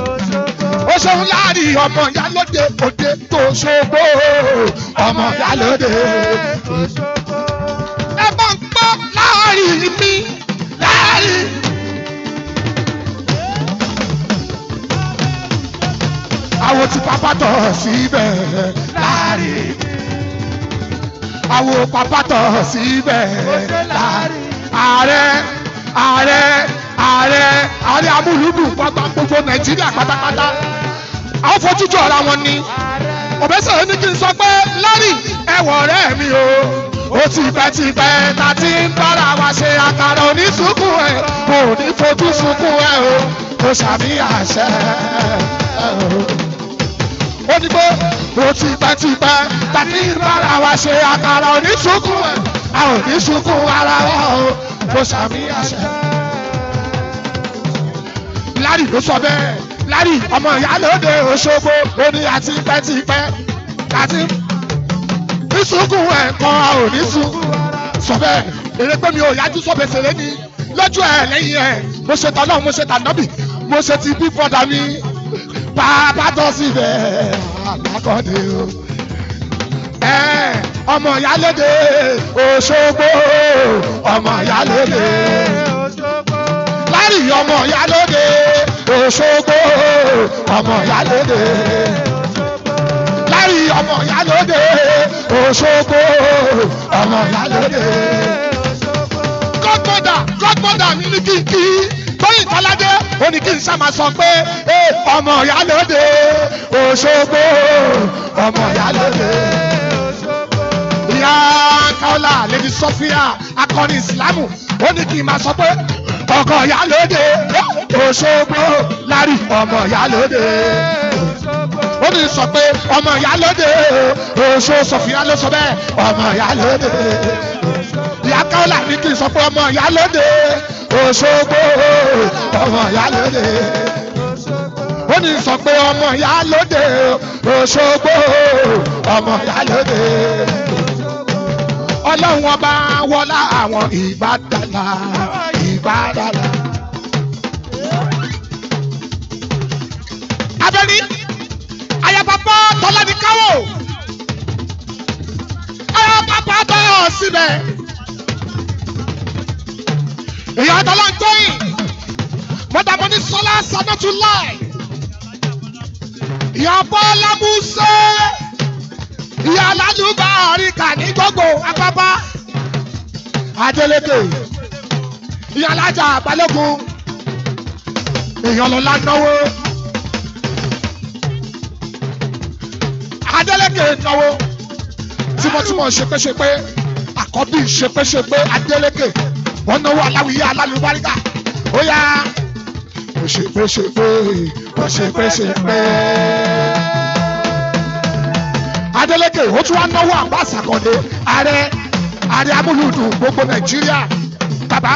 o ṣeun láàrin ọmọ yálóde òde tó ṣògbó ọmọ yálóde ẹ bá ń gbọ́ láàrin mi láàrin. àwọn tí pápá tọ̀ síbẹ̀ láàrin àwọn pápá tọ̀ síbẹ̀ láàrin ààrẹ ààrẹ ààrẹ ààrẹ amúlùdù pátá gbogbo nàìjíríà pátápátá àwọn fojújú ara wọn ni òbẹ́sẹ̀ ní kí n sọ pé lárì ẹ̀wọ̀ ọ̀rẹ́ mi o ó ti pẹ́ ti pẹ́ ta ti ń bára wa ṣe àkàrà onísùnkún ẹ̀ kò ní fojú sunkún ẹ̀ o kò sàmì àṣẹ ó ní pé mo ti pẹ́ ti pẹ́ tàbí ìbára wa ṣe àkàrà òní sunkún ẹ̀ a ò ní ara wa o mo sàmì àṣẹ. Larry ló sọ bẹ́ẹ̀ Larry ọmọ ìyálóde Òṣogbo ó ní àti pẹ́ ti pẹ́ àti ní sunkún ẹ̀ kan a ò ní sunkún sọ bẹ́ẹ̀ èrè pé mi ò yájú sọ̀bẹ̀sẹ̀ lẹ́ni lọ́jọ́ ẹ̀ lẹ́yìn ẹ̀ mo ṣe tọ́lọ́ mo ṣe tànábì mo ṣe ti bí fọ́dà mi bàbá tó síbẹ̀ alákọ̀dé o ọmọ ìyálédè Òṣogbo ọmọ ìyálédè lárí ọmọ ìyálédè Òṣogbo ọmọ ìyálédè lárí ọmọ ìyálédè Òṣogbo ọmọ ìyálédè. godmother godmother mi ní kíkí. Tóyìn Tọ́ládé ó ní kí n sá máa sọ pé ọmọ ìyá lóde Òṣogbo ọmọ ìyá lóde Òṣogbo. Ìyá Kaola Lady Sophia akọni Ìsìlámù ó ní kí n máa sọ pé ọkọ ìyá lóde Òṣogbo lárí ọmọ ìyá lóde ó ní sọ pé ọmọ ìyálóde oṣù sọfìyà ló sọ bẹ́ẹ̀ ọmọ ìyálóde ìyá káwọlà ní kí n sọ pé ọmọ ìyálóde Òṣogbo ọmọ ìyálóde ó ní sọ pé ọmọ ìyálóde Òṣogbo ọmọ ìyálóde ọlọ́run ọba wọlá àwọn ìbádàlà ìbádàlà. abẹ́rí ayapapa tọ́lábi káwọ́ ayapapa tọ́ síbẹ̀ ìyá tọ́lá ń tóyìn mọ́tàmọ́ ní sọlá sanatulá ìyá bọ́lá musa ìyá alálùbá àríkà ní gbogbo apapa adeleke ìyá alájà balógun ìyá ọlọ́lá náwó. Adeleke náwó tímọ́tímọ́ ṣepéṣepé àkọ́bí ṣepéṣepé Adélékè wọ́n náwó aláwìyé alálùbáríkà ó yá ṣepéṣepé ṣepéṣepé. Adélékè ó tún wá náwó Abbas Akande ààrẹ ààrẹ amúlùdùn gbogbo Nàìjíríà bàbá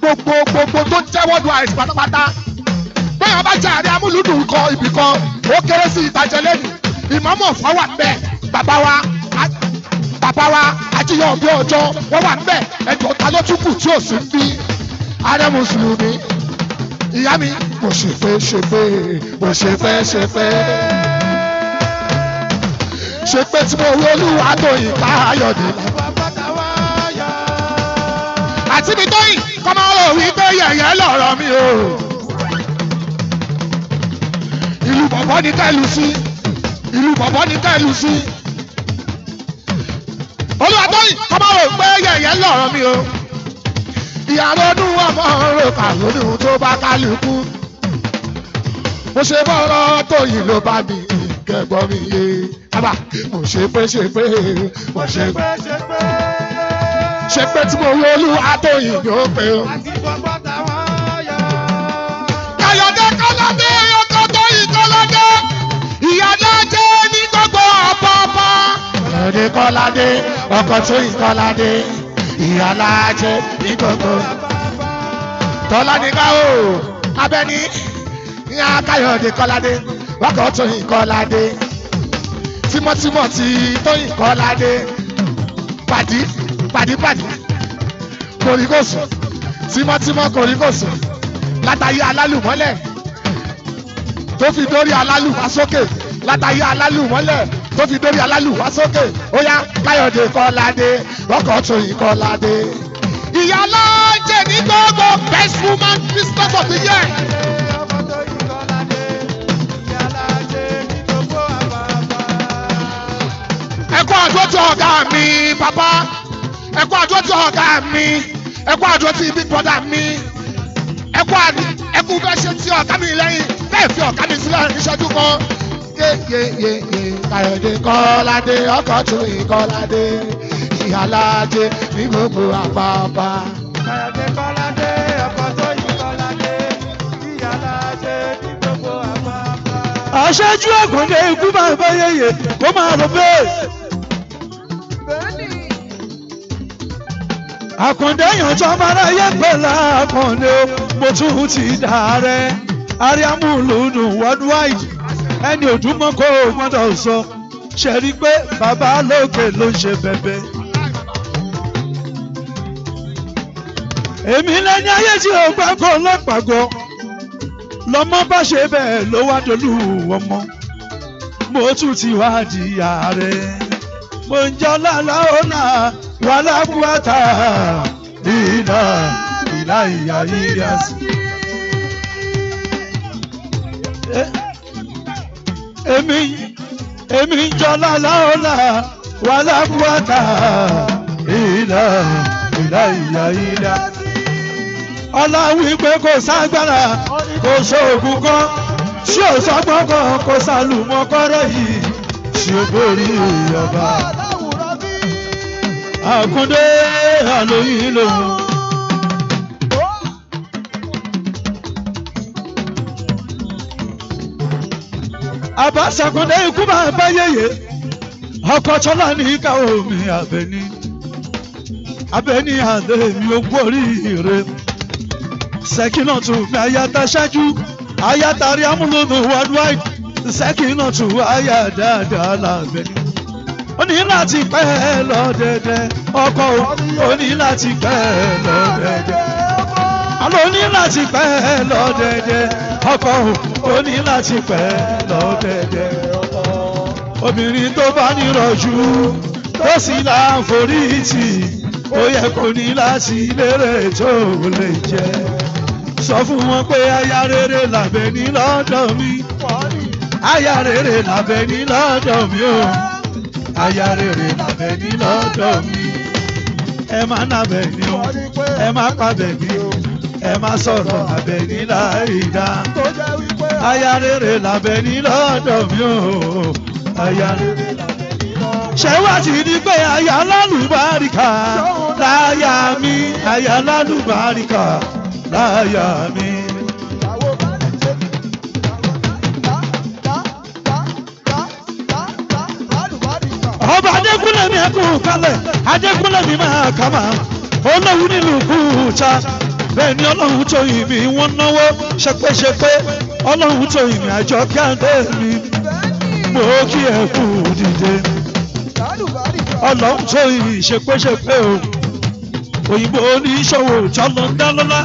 gbogbo gbogbo tó jẹ́ wọ́ọ̀dù àìsàn pátápátá bẹ́ẹ̀ ọba jẹ́ ààrẹ amúlùdùn kan ibì kan ó kéré sí ìtàjẹ́ lẹ́yìn ìmọ̀mọ̀ fà wà nbẹ̀ bàbá wa bàbá wa ajíyọ̀ bí ọjọ́ wọ́n wà nbẹ̀ ẹ̀jọ̀ ta ló tún kù tí ò sí bí ará mùsùlùmí ìyá mi mo ṣe fẹ́ ṣe fẹ́ mo ṣe fẹ́ ṣe fẹ́ ṣe pé tí mo rí olúwa tó ìta ayọ̀dẹ̀ àti mi tóyìn kọ́mọ́ rò wí pé yẹ̀yẹ́ lọ̀rọ̀ mi o ìlú bọ̀bọ̀ ni tẹ́lu sí ìlú bọ̀bọ̀ ní kẹ́lù sí. olùwàtọ́yìn ọmọ rò pé yẹ̀yẹ́ lọ̀rọ̀ mi o ìyàrá ọdún ọmọ rò kàlónì tó bá kálukú mo ṣe bọ́rọ̀ tóyìn ló bá mi kẹ́gbọ́n mi yé abà mo ṣe pé ṣe pé mo ṣe pé ṣe pé ṣe pé tí mo wọ olúwa tóyìn yóò pé o. àti gbogbo táwọn ọkọ̀ tóyìn kọ́ládé ìyálóde ní gbogbo ọ̀pọ̀ọ̀pọ̀. Kọ́ládé Kọ́ládé ọkọ̀ tó ìkọ́ládé ìyálóde ní gbogbo. Kọ́ládé káwó abẹ́ni ní Akáyọ̀dé Kọ́ládé ọkọ̀ tó ìkọ́ládé tímọ́tímọ́ ti Tóyìn Kọ́ládé pàdí pàdí pàdí kòríkòsùn tímọ́tímọ́ kòríkòsùn látàyé alálùmọ́lẹ̀ tó fi dórí alálùfà sókè látàyé alálùmọ́lẹ̀ tó fi dórí alálùwá sókè ó yá káyọ̀dé kọ́ládé rọ́kọ̀tún ìkọ́ládé. ìyá lọ́jẹ̀ ní gbogbo best woman business of the year. ẹ̀kọ́ àjọ ti ọ̀gá mi papa ẹ̀kọ́ àjọ ti ọ̀gá mi ẹ̀kọ́ àjọ ti big brother mi ẹ̀kọ́ ẹ̀kú bẹ́ẹ̀ ṣe ti ọ̀gá mi lẹ́yìn bẹ́ẹ̀ fi ọ̀gá mi sílẹ̀ níṣẹ́jú kan yeyeyeye Káyọ̀dé Kọ́ládé ọkọ̀tún ìkọ́ládé ìhàládé ní gbogbo àpáàpá. Káyọ̀dé Kọ́ládé ọkọ̀tún ìkọ́ládé ìhàládé ní gbogbo àpáàpá. Aṣáájú Àgùndé ikú máa bá yẹyẹ kó máa lọ bẹ́ẹ̀. Àkàndé yànjọ́ máráyé pẹ̀lú Àkàndé mo tún ti dà rẹ̀ Ariamu lùdùn worldwide ẹni òdùmọ̀kọ ògbọ́dọ̀ sọ ṣe rí i pé bàbá lókè ló ń ṣe bẹ̀bẹ̀. èmi lẹ́ni ayé tí ò gbàgbọ́ lọ́pàgọ́ lọ́mọ bá ṣe bẹ́ẹ̀ ló wá dolú ọmọ mo tún ti wá di ààrẹ mo ń jọ lálá ọ̀nà wàhálà buwata ìlà ìlà ìyá yíyá sí èmi èmi ń jọ láláọ́lá wàhálà buwata ìlà ìlà ìlà ìlà. ọlá wípé kò ságbára kò sóògùn kan ṣé ò sọgbọ́n kan kò sálùmọ́ kọ́rọ́ yìí ṣe borí ọba. àkúndé àlòyìn lòun. àbáṣàkúndé ikú máa bá yeye, ọkọ tọ́lá ní ká omi àbẹ̀ní àbẹ̀ní àdèmí ogún oríire sẹ́kínà tù mí ayáta ṣáájú ayáta rí amúlòdùn worldwide sẹ́kínà tù ayá dáadáa làbẹ̀ní. ó ní láti pẹ́ lọ dẹ́dẹ́ ọkọ ó ní láti pẹ́ lọ dẹ́dẹ́ àlọ́ láti pẹ́ lọ ọkọ òun tó ní láti pẹ́ lọ́dẹ̀dẹ̀ obìnrin tó bá nírọ̀jú tó sì láǹforítì ó yẹ kó ní láti lérè tó lè jẹ sọ fún wọn pé aya rere làbẹ̀ ní lọ́dọ̀ mi aya rere làbẹ̀ ní lọ́dọ̀ mi o aya rere làbẹ̀ ní lọ́dọ̀ mi ẹ má nàbẹ̀ ni o ẹ má pàbẹ̀ ni o ẹ má sọ̀rọ̀ làbẹ̀ ní láìda. aya rere làbẹ̀ ní lọ́dọ̀ mi o aya rere làbẹ̀ ní lọ́dọ̀ mi. ṣé wàá ti di pé aya lálùbáríkà láyà mi aya lálùbáríkà láyà mi. ọba adékúnlẹ̀ mi ẹkùn kalẹ̀ adékúnlẹ̀ mi máa kà olówó nílùú kùúta bẹ́ẹ̀ ni ọlọ́run tó yìn mí wọ́n náwó ṣẹpẹ́ṣẹpẹ́ ọlọ́run tó yìn mí àjọ kí àgbẹ̀ mi mo kí ẹ kú dìde ọlọ́run tó yìn mí ṣẹpẹ́ṣẹpẹ́ o òyìnbó oníṣòwò tọ́lọ́ dálọ́lá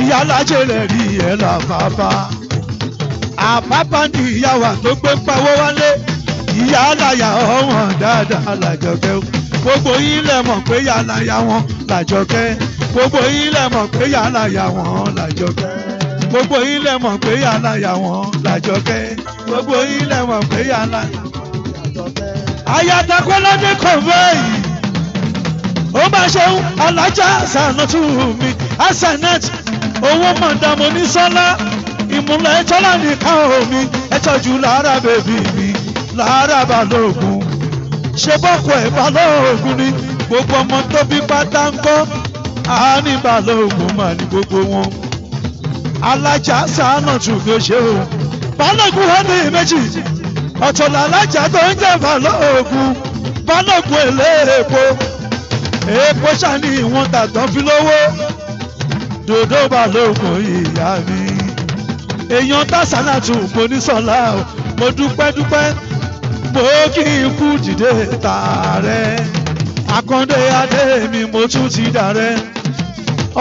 ìyá alájẹ rẹ̀ rí ẹ̀ là bàbá àbábá ni ìyàwó tó gbé pawó wálé ìyá aláya ọ̀hún dáadáa làjọkẹ́ gbogbo yín lẹ̀ mọ̀ pé ìyá aláya wọn làjọkẹ́ gbogbo yín lẹ mọ̀ pé yàrá yà wọ́n làjọkẹ́ gbogbo yín lẹ mọ̀ pé yàrá yà wọ́n làjọkẹ́ gbogbo yín lẹ mọ̀ pé yàrá làjọkẹ́. àyàtàkọ́ lọ́dẹ kọ̀ọ̀fẹ́ yìí ó máa ṣeun alájà sànàtú mi asanat owó mọ̀dàmọ́ ní sọ́lá ìmúlẹ̀ ẹ̀tọ́lá nìkan omi ẹ̀tọ́jú lára bèbí mi lára balógun ṣe bọ́kọ̀ ẹ̀ balógun ni gbogbo ọmọ tó pátá ń kọ́. Aníbàlógun mà ní gbogbo wọn alájà sàánà tún fi ṣe o Balógun wọn ní méjì ọ̀tọ̀lá alájà tó ń jẹ́ Balógun Balógun èlé èpo èpo ṣàní ìwọ̀n tàtàn fi lówó dòdò Balógun ìyá mi èèyàn tásánà tún mo ní sọlá o mo dúpẹ́ dúpẹ́ mo kí n kú dìde tààrẹ. Àkàndé adé mi mo tún ti dàrẹ́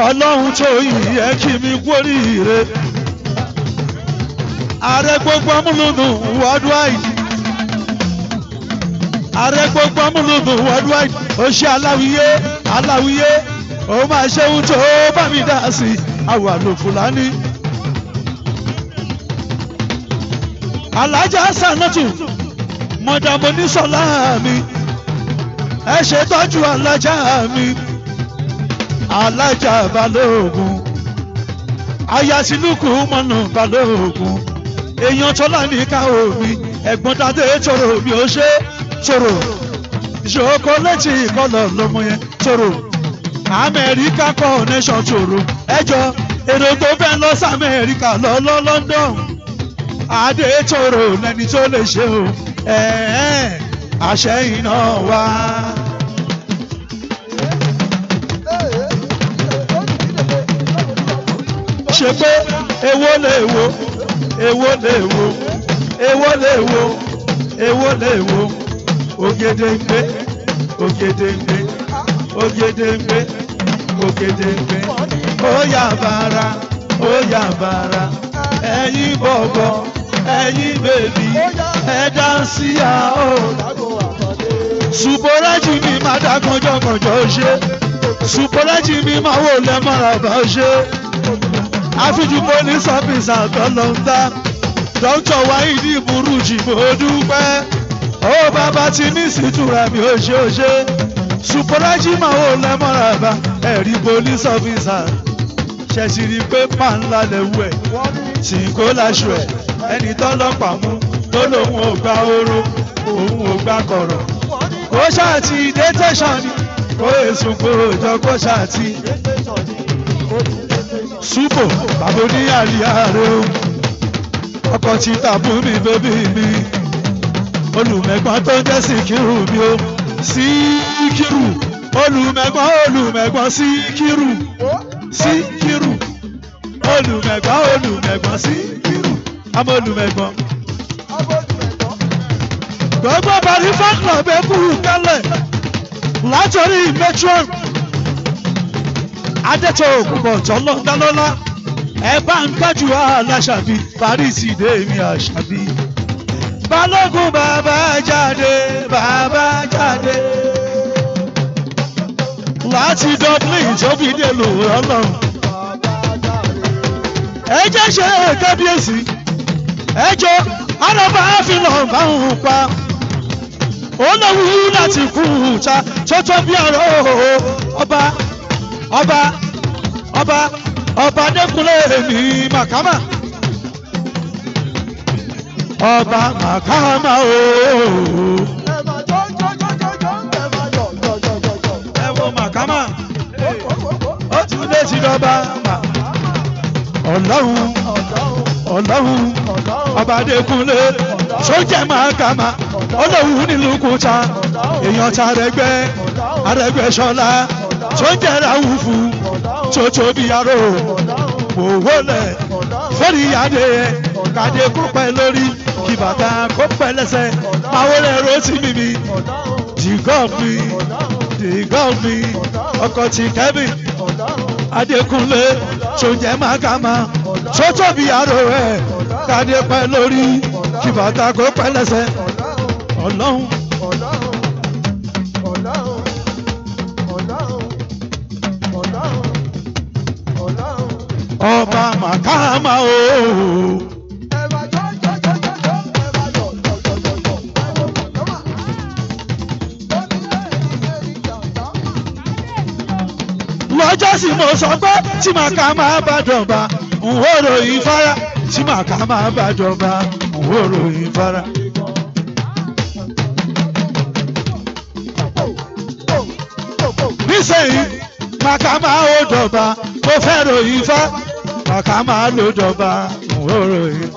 ọlọ́run tó yìí kí mi kórì ire ààrẹ gbogbo amúlùdùn worldwide ààrẹ gbogbo amúlùdùn worldwide ó ṣe aláwiyé aláwiyé ó máa ṣe ohun tó bá mi dá sí àwọn àlò fúlàní. alájà sanatu mọ̀dàmọ́ sọ́lá mi ẹ ṣètọ́jú alájà mi alájà balógun ayasilukú mọ̀nà balógun èèyàn tọ́lá ní ká omi ẹ̀gbọ́n dáadé tòrò mi ò ṣe tòrò ìṣòkò létí ìkọlọ̀ lọmọ yẹn tòrò amẹ́ríkà kọ́ nation tòrò ẹjọ́ èrò tó fẹ́ lọ sí amẹ́ríkà lọ lọ London adé tòrò lẹni tó lè ṣe o ẹ̀ẹ́ àṣẹ iná wá. ṣe pé ewo, lè wo èwo lè wo èwo lè wo èwo lè wo Ògèdèngbé Ògèdèngbé Ògèdèngbé Ògèdèngbé ó yà bàrà ó yà bàrà ẹ̀yin bọ̀bọ̀ ẹ̀yin bèbí ẹ dá sí àá Suboraji mi máa dá kànjọ́kànjọ́ ṣe Suboraji mi máa wò lẹ́mọ̀ràn bá ṣe àfijùkọ́ ní sọ́fíìsì àtọ́lọ́ńdá dókítà wáyídì burújì mo dúpẹ́ ó bàbá ti ní ìsìtúra mi ó ṣe ó ṣe Suboraji máa wò lẹ́mọ̀ràn bá ẹ̀rí police officer ṣẹ̀sì rí i pé pàǹlà lẹ́wù ẹ̀ tí kò láṣọ ẹ̀ ẹni tọ́lọ́pàá mú tó lóun ò gba oró òun ò gba kọ̀rọ̀ kó ṣáàtì dé tẹ̀sán ni kó èsùn kó jọ kó ṣáàtì. Súpò bàbá oníyàrá rẹ̀ o, ọkọ̀ ti tàbú mi bébí mi, olùmẹ̀gbọ́n tó ń jẹ́ Síkírù mi o, Síkírù, olùmẹ̀gbọ́n olùmẹ̀gbọ́n Síkírù, Síkírù, olùmẹ̀gbọ́n olùmẹ̀gbọ́n Síkírù, amọ̀ olùmẹ̀gbọ́n gbogbo barifa club ekuru kálẹ̀ látọ̀rí metron adẹ́tọ̀ òkùnkọ̀ tọ́lọ́ dálọ́lá ẹ bá ń gbájú aláṣàbí paris dèmi àṣàbí balógun bàbá baba jade jáde láti dublin tó fi dé lò ọlọ́run ẹ jẹ́ ṣe kábíyèsí ẹ jọ àdàbà àfihàn bá ń pa olówú láti kú ta tó tó bí ọ̀rọ̀ ọba ọba ọba ọba Adékúnlé mi màkàmà ọba màkàmà ooo. ẹ wo màkàmà ó tún lé ti dọ́ba ọlọ́run ọlọ́run ọba Adékúnlé sójà màkàmà olówú nílùú kúta èèyàn ta Arẹ́gbẹ́ Arẹ́gbẹ́ṣọlá tó ń jẹrà wùfù tó tóbi aró òwò lẹ fẹrí adé kàdé kó pẹ́ lórí kí bàtà kó pẹ́ lẹ́sẹ̀ pàwọlẹ ro sí mímí dìgọ́ọ̀mì dìgọ́ọ̀mì ọkọ̀ ti kẹ́mì Adékúnlé tó jẹ́ màgàmà tó tóbi aró ẹ̀ kàdé pẹ́ lórí kí bàtà kó pẹ́ lẹ́sẹ̀ ọlọ́run. ọlọ́run ọlọ́run ọlọ́run ọlọ́run ọlọ́run. ọba màkàmá o. lọ́jọ́ sì mo sọ pé tí màá ká máa bá dọ̀ba n ò ròyìn fara tí màá ká máa bá dọ̀ba n ò ròyìn fara. nísẹ̀yìn màkà máa ó dọ̀ba mo fẹ́ ròyìn fá màkà máa ló dọ̀ba n ò ròyìn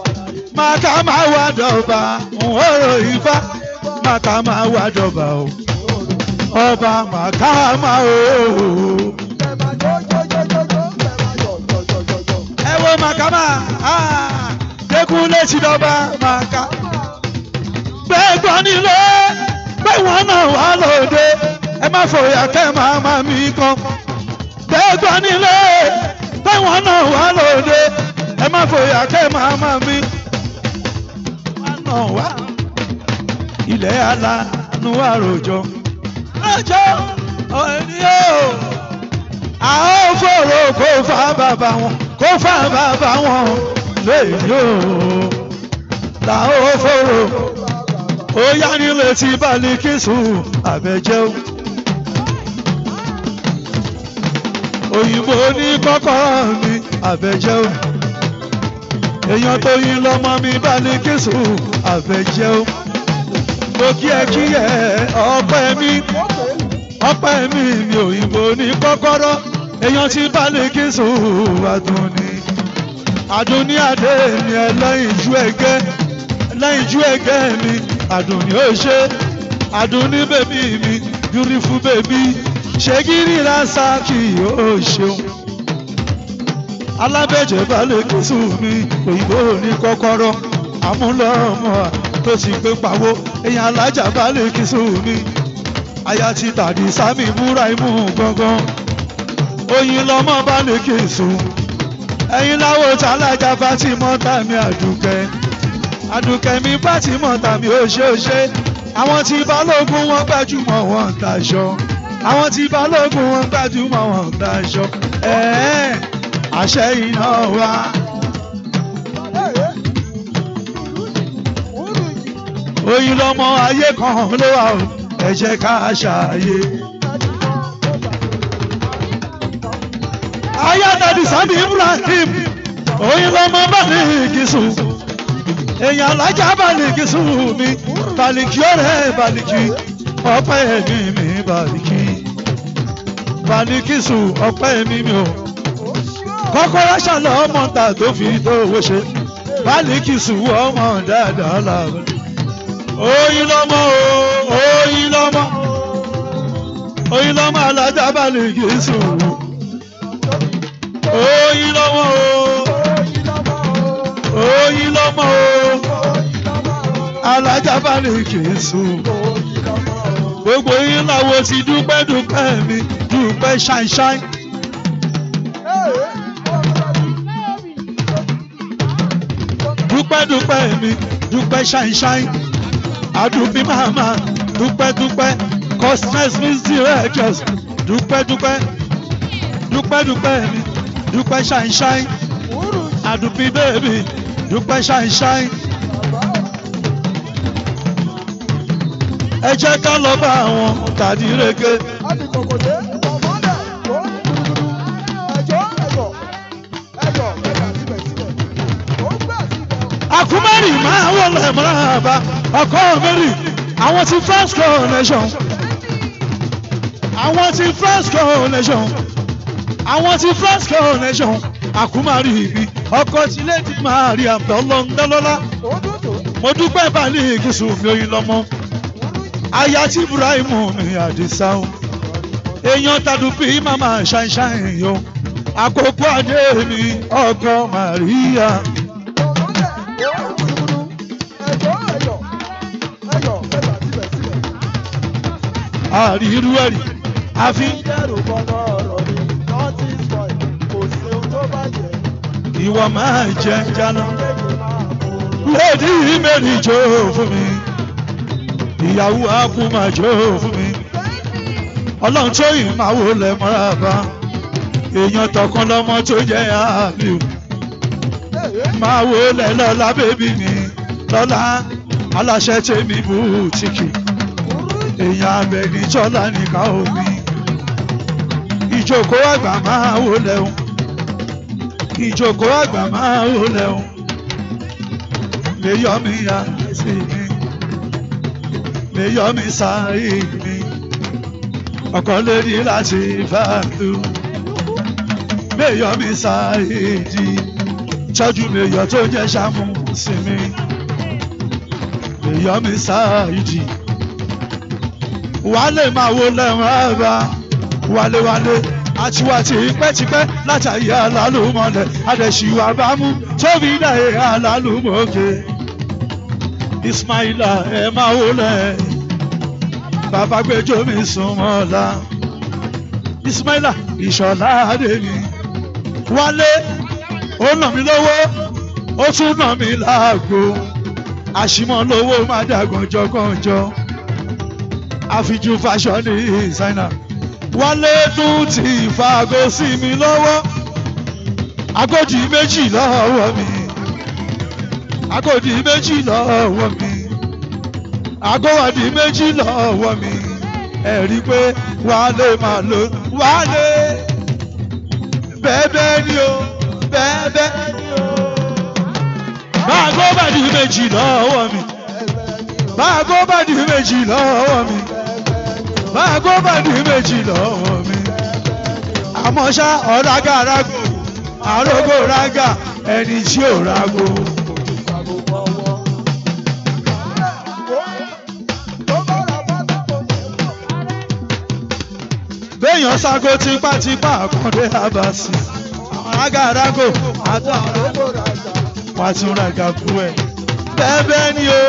màkà máa wá dọ̀ba n ò ròyìn fá màkà máa wá dọ̀ba o ọba màkà máa ó. ẹ wo màkà máa dẹ́kun lè ṣì dọ̀ba màkà gbẹ́gbọ́n nílé gbẹ́wọ̀n náà wà lóde ẹ má fòyà kẹ́ máa máa mi kan. tẹ́gbọ́n nílé tẹ́wọ̀n náà wà lóde ẹ má fòyà kẹ́ máa máa mi. ilẹ̀ alánú wà rojọ́. rojọ́ òní o a ó fòrò kó fa bàbá wọn kó fa bàbá wọn lẹ́yìn o la ó fòrò ó yá nílé tí balikísù àbẹ̀jẹ́ o. òyìnbó ní kọ́kọ́rọ́ mi àbẹ̀jẹ́ o èèyàn tó yin lọ́mọ mi bá ní kíṣù àbẹ̀jẹ́ o mo kí ẹ kí ẹ ọpẹ́ mi ọpẹ́ mi ni òyìnbó ní kọ́kọ́rọ́ èèyàn tí bá ní kíṣù àdùnní àdùnní adé ni ẹ lẹ́yìn ju ẹgẹ́ lẹ́yìn ju ẹgẹ́ mi àdùnní ó ṣe àdùnní bèbí mi beautiful baby ṣègìrì rasaki yóò ṣeun alábẹ́jẹ́ balẹ̀kẹ́ sùnmi òyìnbó ní kọ́kọ́rọ́ àmúlọ́mọ́ tó ti gbé pawó èèyàn alájà balẹ̀kẹ́ sùnmi aya ti tàdí sami múra imú gangan oyin lọmọ balẹ̀kẹ́ sùn ẹ̀yin láwo tí alájà bá ti mọ́ tàmí àdùkẹ́ àdùkẹ́ mi bá ti mọ́ tàmí ó ṣe ó àwọn tí balógun wọn gbajúmọ̀ wọn ń àwọn tí balógun wọn gbajúmọ̀ wọn daṣọ àṣẹ iná wa. oyin lọmọ ayé kan ló wà o ẹ jẹ́ ká ṣàyè. ayé àtàdì sábì Ibrahim oyin lọmọ bá ní kìsù èèyàn alájà bá ní kìsù mi bàlìkì ọ̀rẹ́ bàlìkì ọpẹ́ mi bàlìkì. Balikisu ọpẹ́ mi mi o kọ́kọ́rọ́ ṣàlọ́ ọmọ ta tó fi tó owó ṣe Balikisu ọmọ dáadáa làwọn. oyin lọmọ o oyin lọmọ oyin lọmọ alájà Balikisu oyin lọmọ o oyin lọ́mọ o alájà Balikisu gbogbo yín làwọn ti dúpẹ́ dúpẹ́ mi dúpẹ́ ṣáínṣáín. dúpẹ́ dúpẹ́ mi dúpẹ́ ṣáínṣáín. àdùnfí màmá dúpẹ́ dúpẹ́ cosmetics music records dúpẹ́ dúpẹ́ dúpẹ́ dúpẹ́ mi dúpẹ́ ṣáínṣáín. àdùnfí bẹ́ẹ̀ mi dúpẹ́ ṣáínṣáín. ẹ jẹ́ ká lọ bá àwọn kàdíreke. àkúmẹ́rì máa wọlé máa bá ọkọ mẹ́rì àwọn ti first coronation àwọn ti first coronation àwọn ti first coronation àkúmárì ibi ọkọ tí lady Maria àbdọ́lọ́ ń dọ́lọ́lá mo dúpẹ́ bá ní gúúsù mi ò yín lọ́mọ aya tí Ibrahim mi Àdìsá o èèyàn tàdúbí màmá ṣàìṣàì yo àkókò adé mi ọkọ Màríà. àrírú ẹ̀rí àfi. ìwọ máa jẹ jana lódì mẹ́rin jó fún mi ìyàwó àákún máa jó fún mi ọlọ́run tó yìn máa wò lẹ̀ mọ́ra bá èèyàn tọkàn lọ́mọ tó jẹ́ àlù máa wò lẹ̀ lọ́la bébí mi lọ́la aláṣẹ tèmi bùtíkì èèyàn abẹ́ni tọ́lá nìka omi ìjókòó àgbà máa wò lẹ́hùn ìjókòó àgbà máa wò lẹ́hùn lè yọ mí ya sí mi ní yọmí sáyìn mi ọkọ lórí láti fàlù ní yọmí sáyìn di ṣáájú mi yọ tó jẹ ṣàmù sí mi ní yọmí sáyìn di wálé máa wo lẹ́wọ̀n àbá wálewálé àtiwá ti pẹ́tipẹ́ látàrí àlálùmọ̀lẹ̀ àdẹ̀síwá bámú tóbi náà àlálùmọ̀ọ́kẹ́. Ismaila ẹ máa wọlé bàbá gbẹjọ mi súnmọ́ ọ̀la Ismaila ìṣọ̀lá àdèmí wálé ó nà mí lọ́wọ́ ó tún nà mí láàgbo àṣìmọ́ lówó má dàgbọ́njọ́ kànjọ́ àfijú fashion designer wálé tún ti fàgọ́ sí mi lọ́wọ́ agójì méjì lọ́wọ́ mi agodi méjì lọ́wọ́ mi agowadi méjì lọ́wọ́ mi ẹ̀rí pé wálé máa lọ wálé bẹ́ẹ̀bẹ́ ni o bẹ́ẹ̀bẹ́ ni o. máa agowadi méjì lọ́wọ́ mi máa agowadi méjì lọ́wọ́ mi máa agowadi méjì lọ́wọ́ mi àmọ́ ṣá ọ̀rágà rágò àrógò rágà ẹni tí ò rágò. kéèyàn sago tipátipá àkọ́dé abasi àwọn agarago àtàwọn olóko rajà wàá tún rajà fún ẹ bẹ́ẹ̀ ni o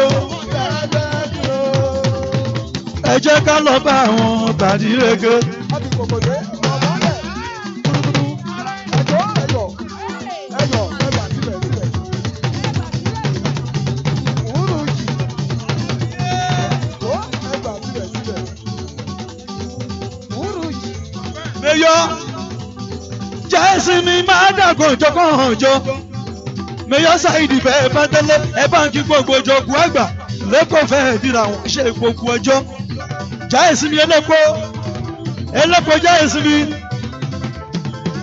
ẹ jẹ́ ká lọ bá àwọn tàdíreke. ẹ̀sìn mi máa dàgbò ìjọkọ̀ hàn jọ mẹyọ ṣáìdì bẹ́ẹ̀ bá tẹ́lẹ̀ ẹ bá ń kí gbogbo ìjọkù àgbà lẹ́kọ̀ọ́ fẹ́ẹ́ dira àwọn iṣẹ́ gbogbo ọjọ́ já ẹ̀sìn mi ẹlẹ́kọ̀ọ́ ẹlẹ́kọ̀ọ́ já ẹ̀sìn mi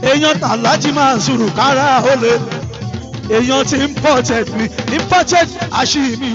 èèyàn tà láti máa sùrù kára ó lè èèyàn ti imported mi imported àṣìmí.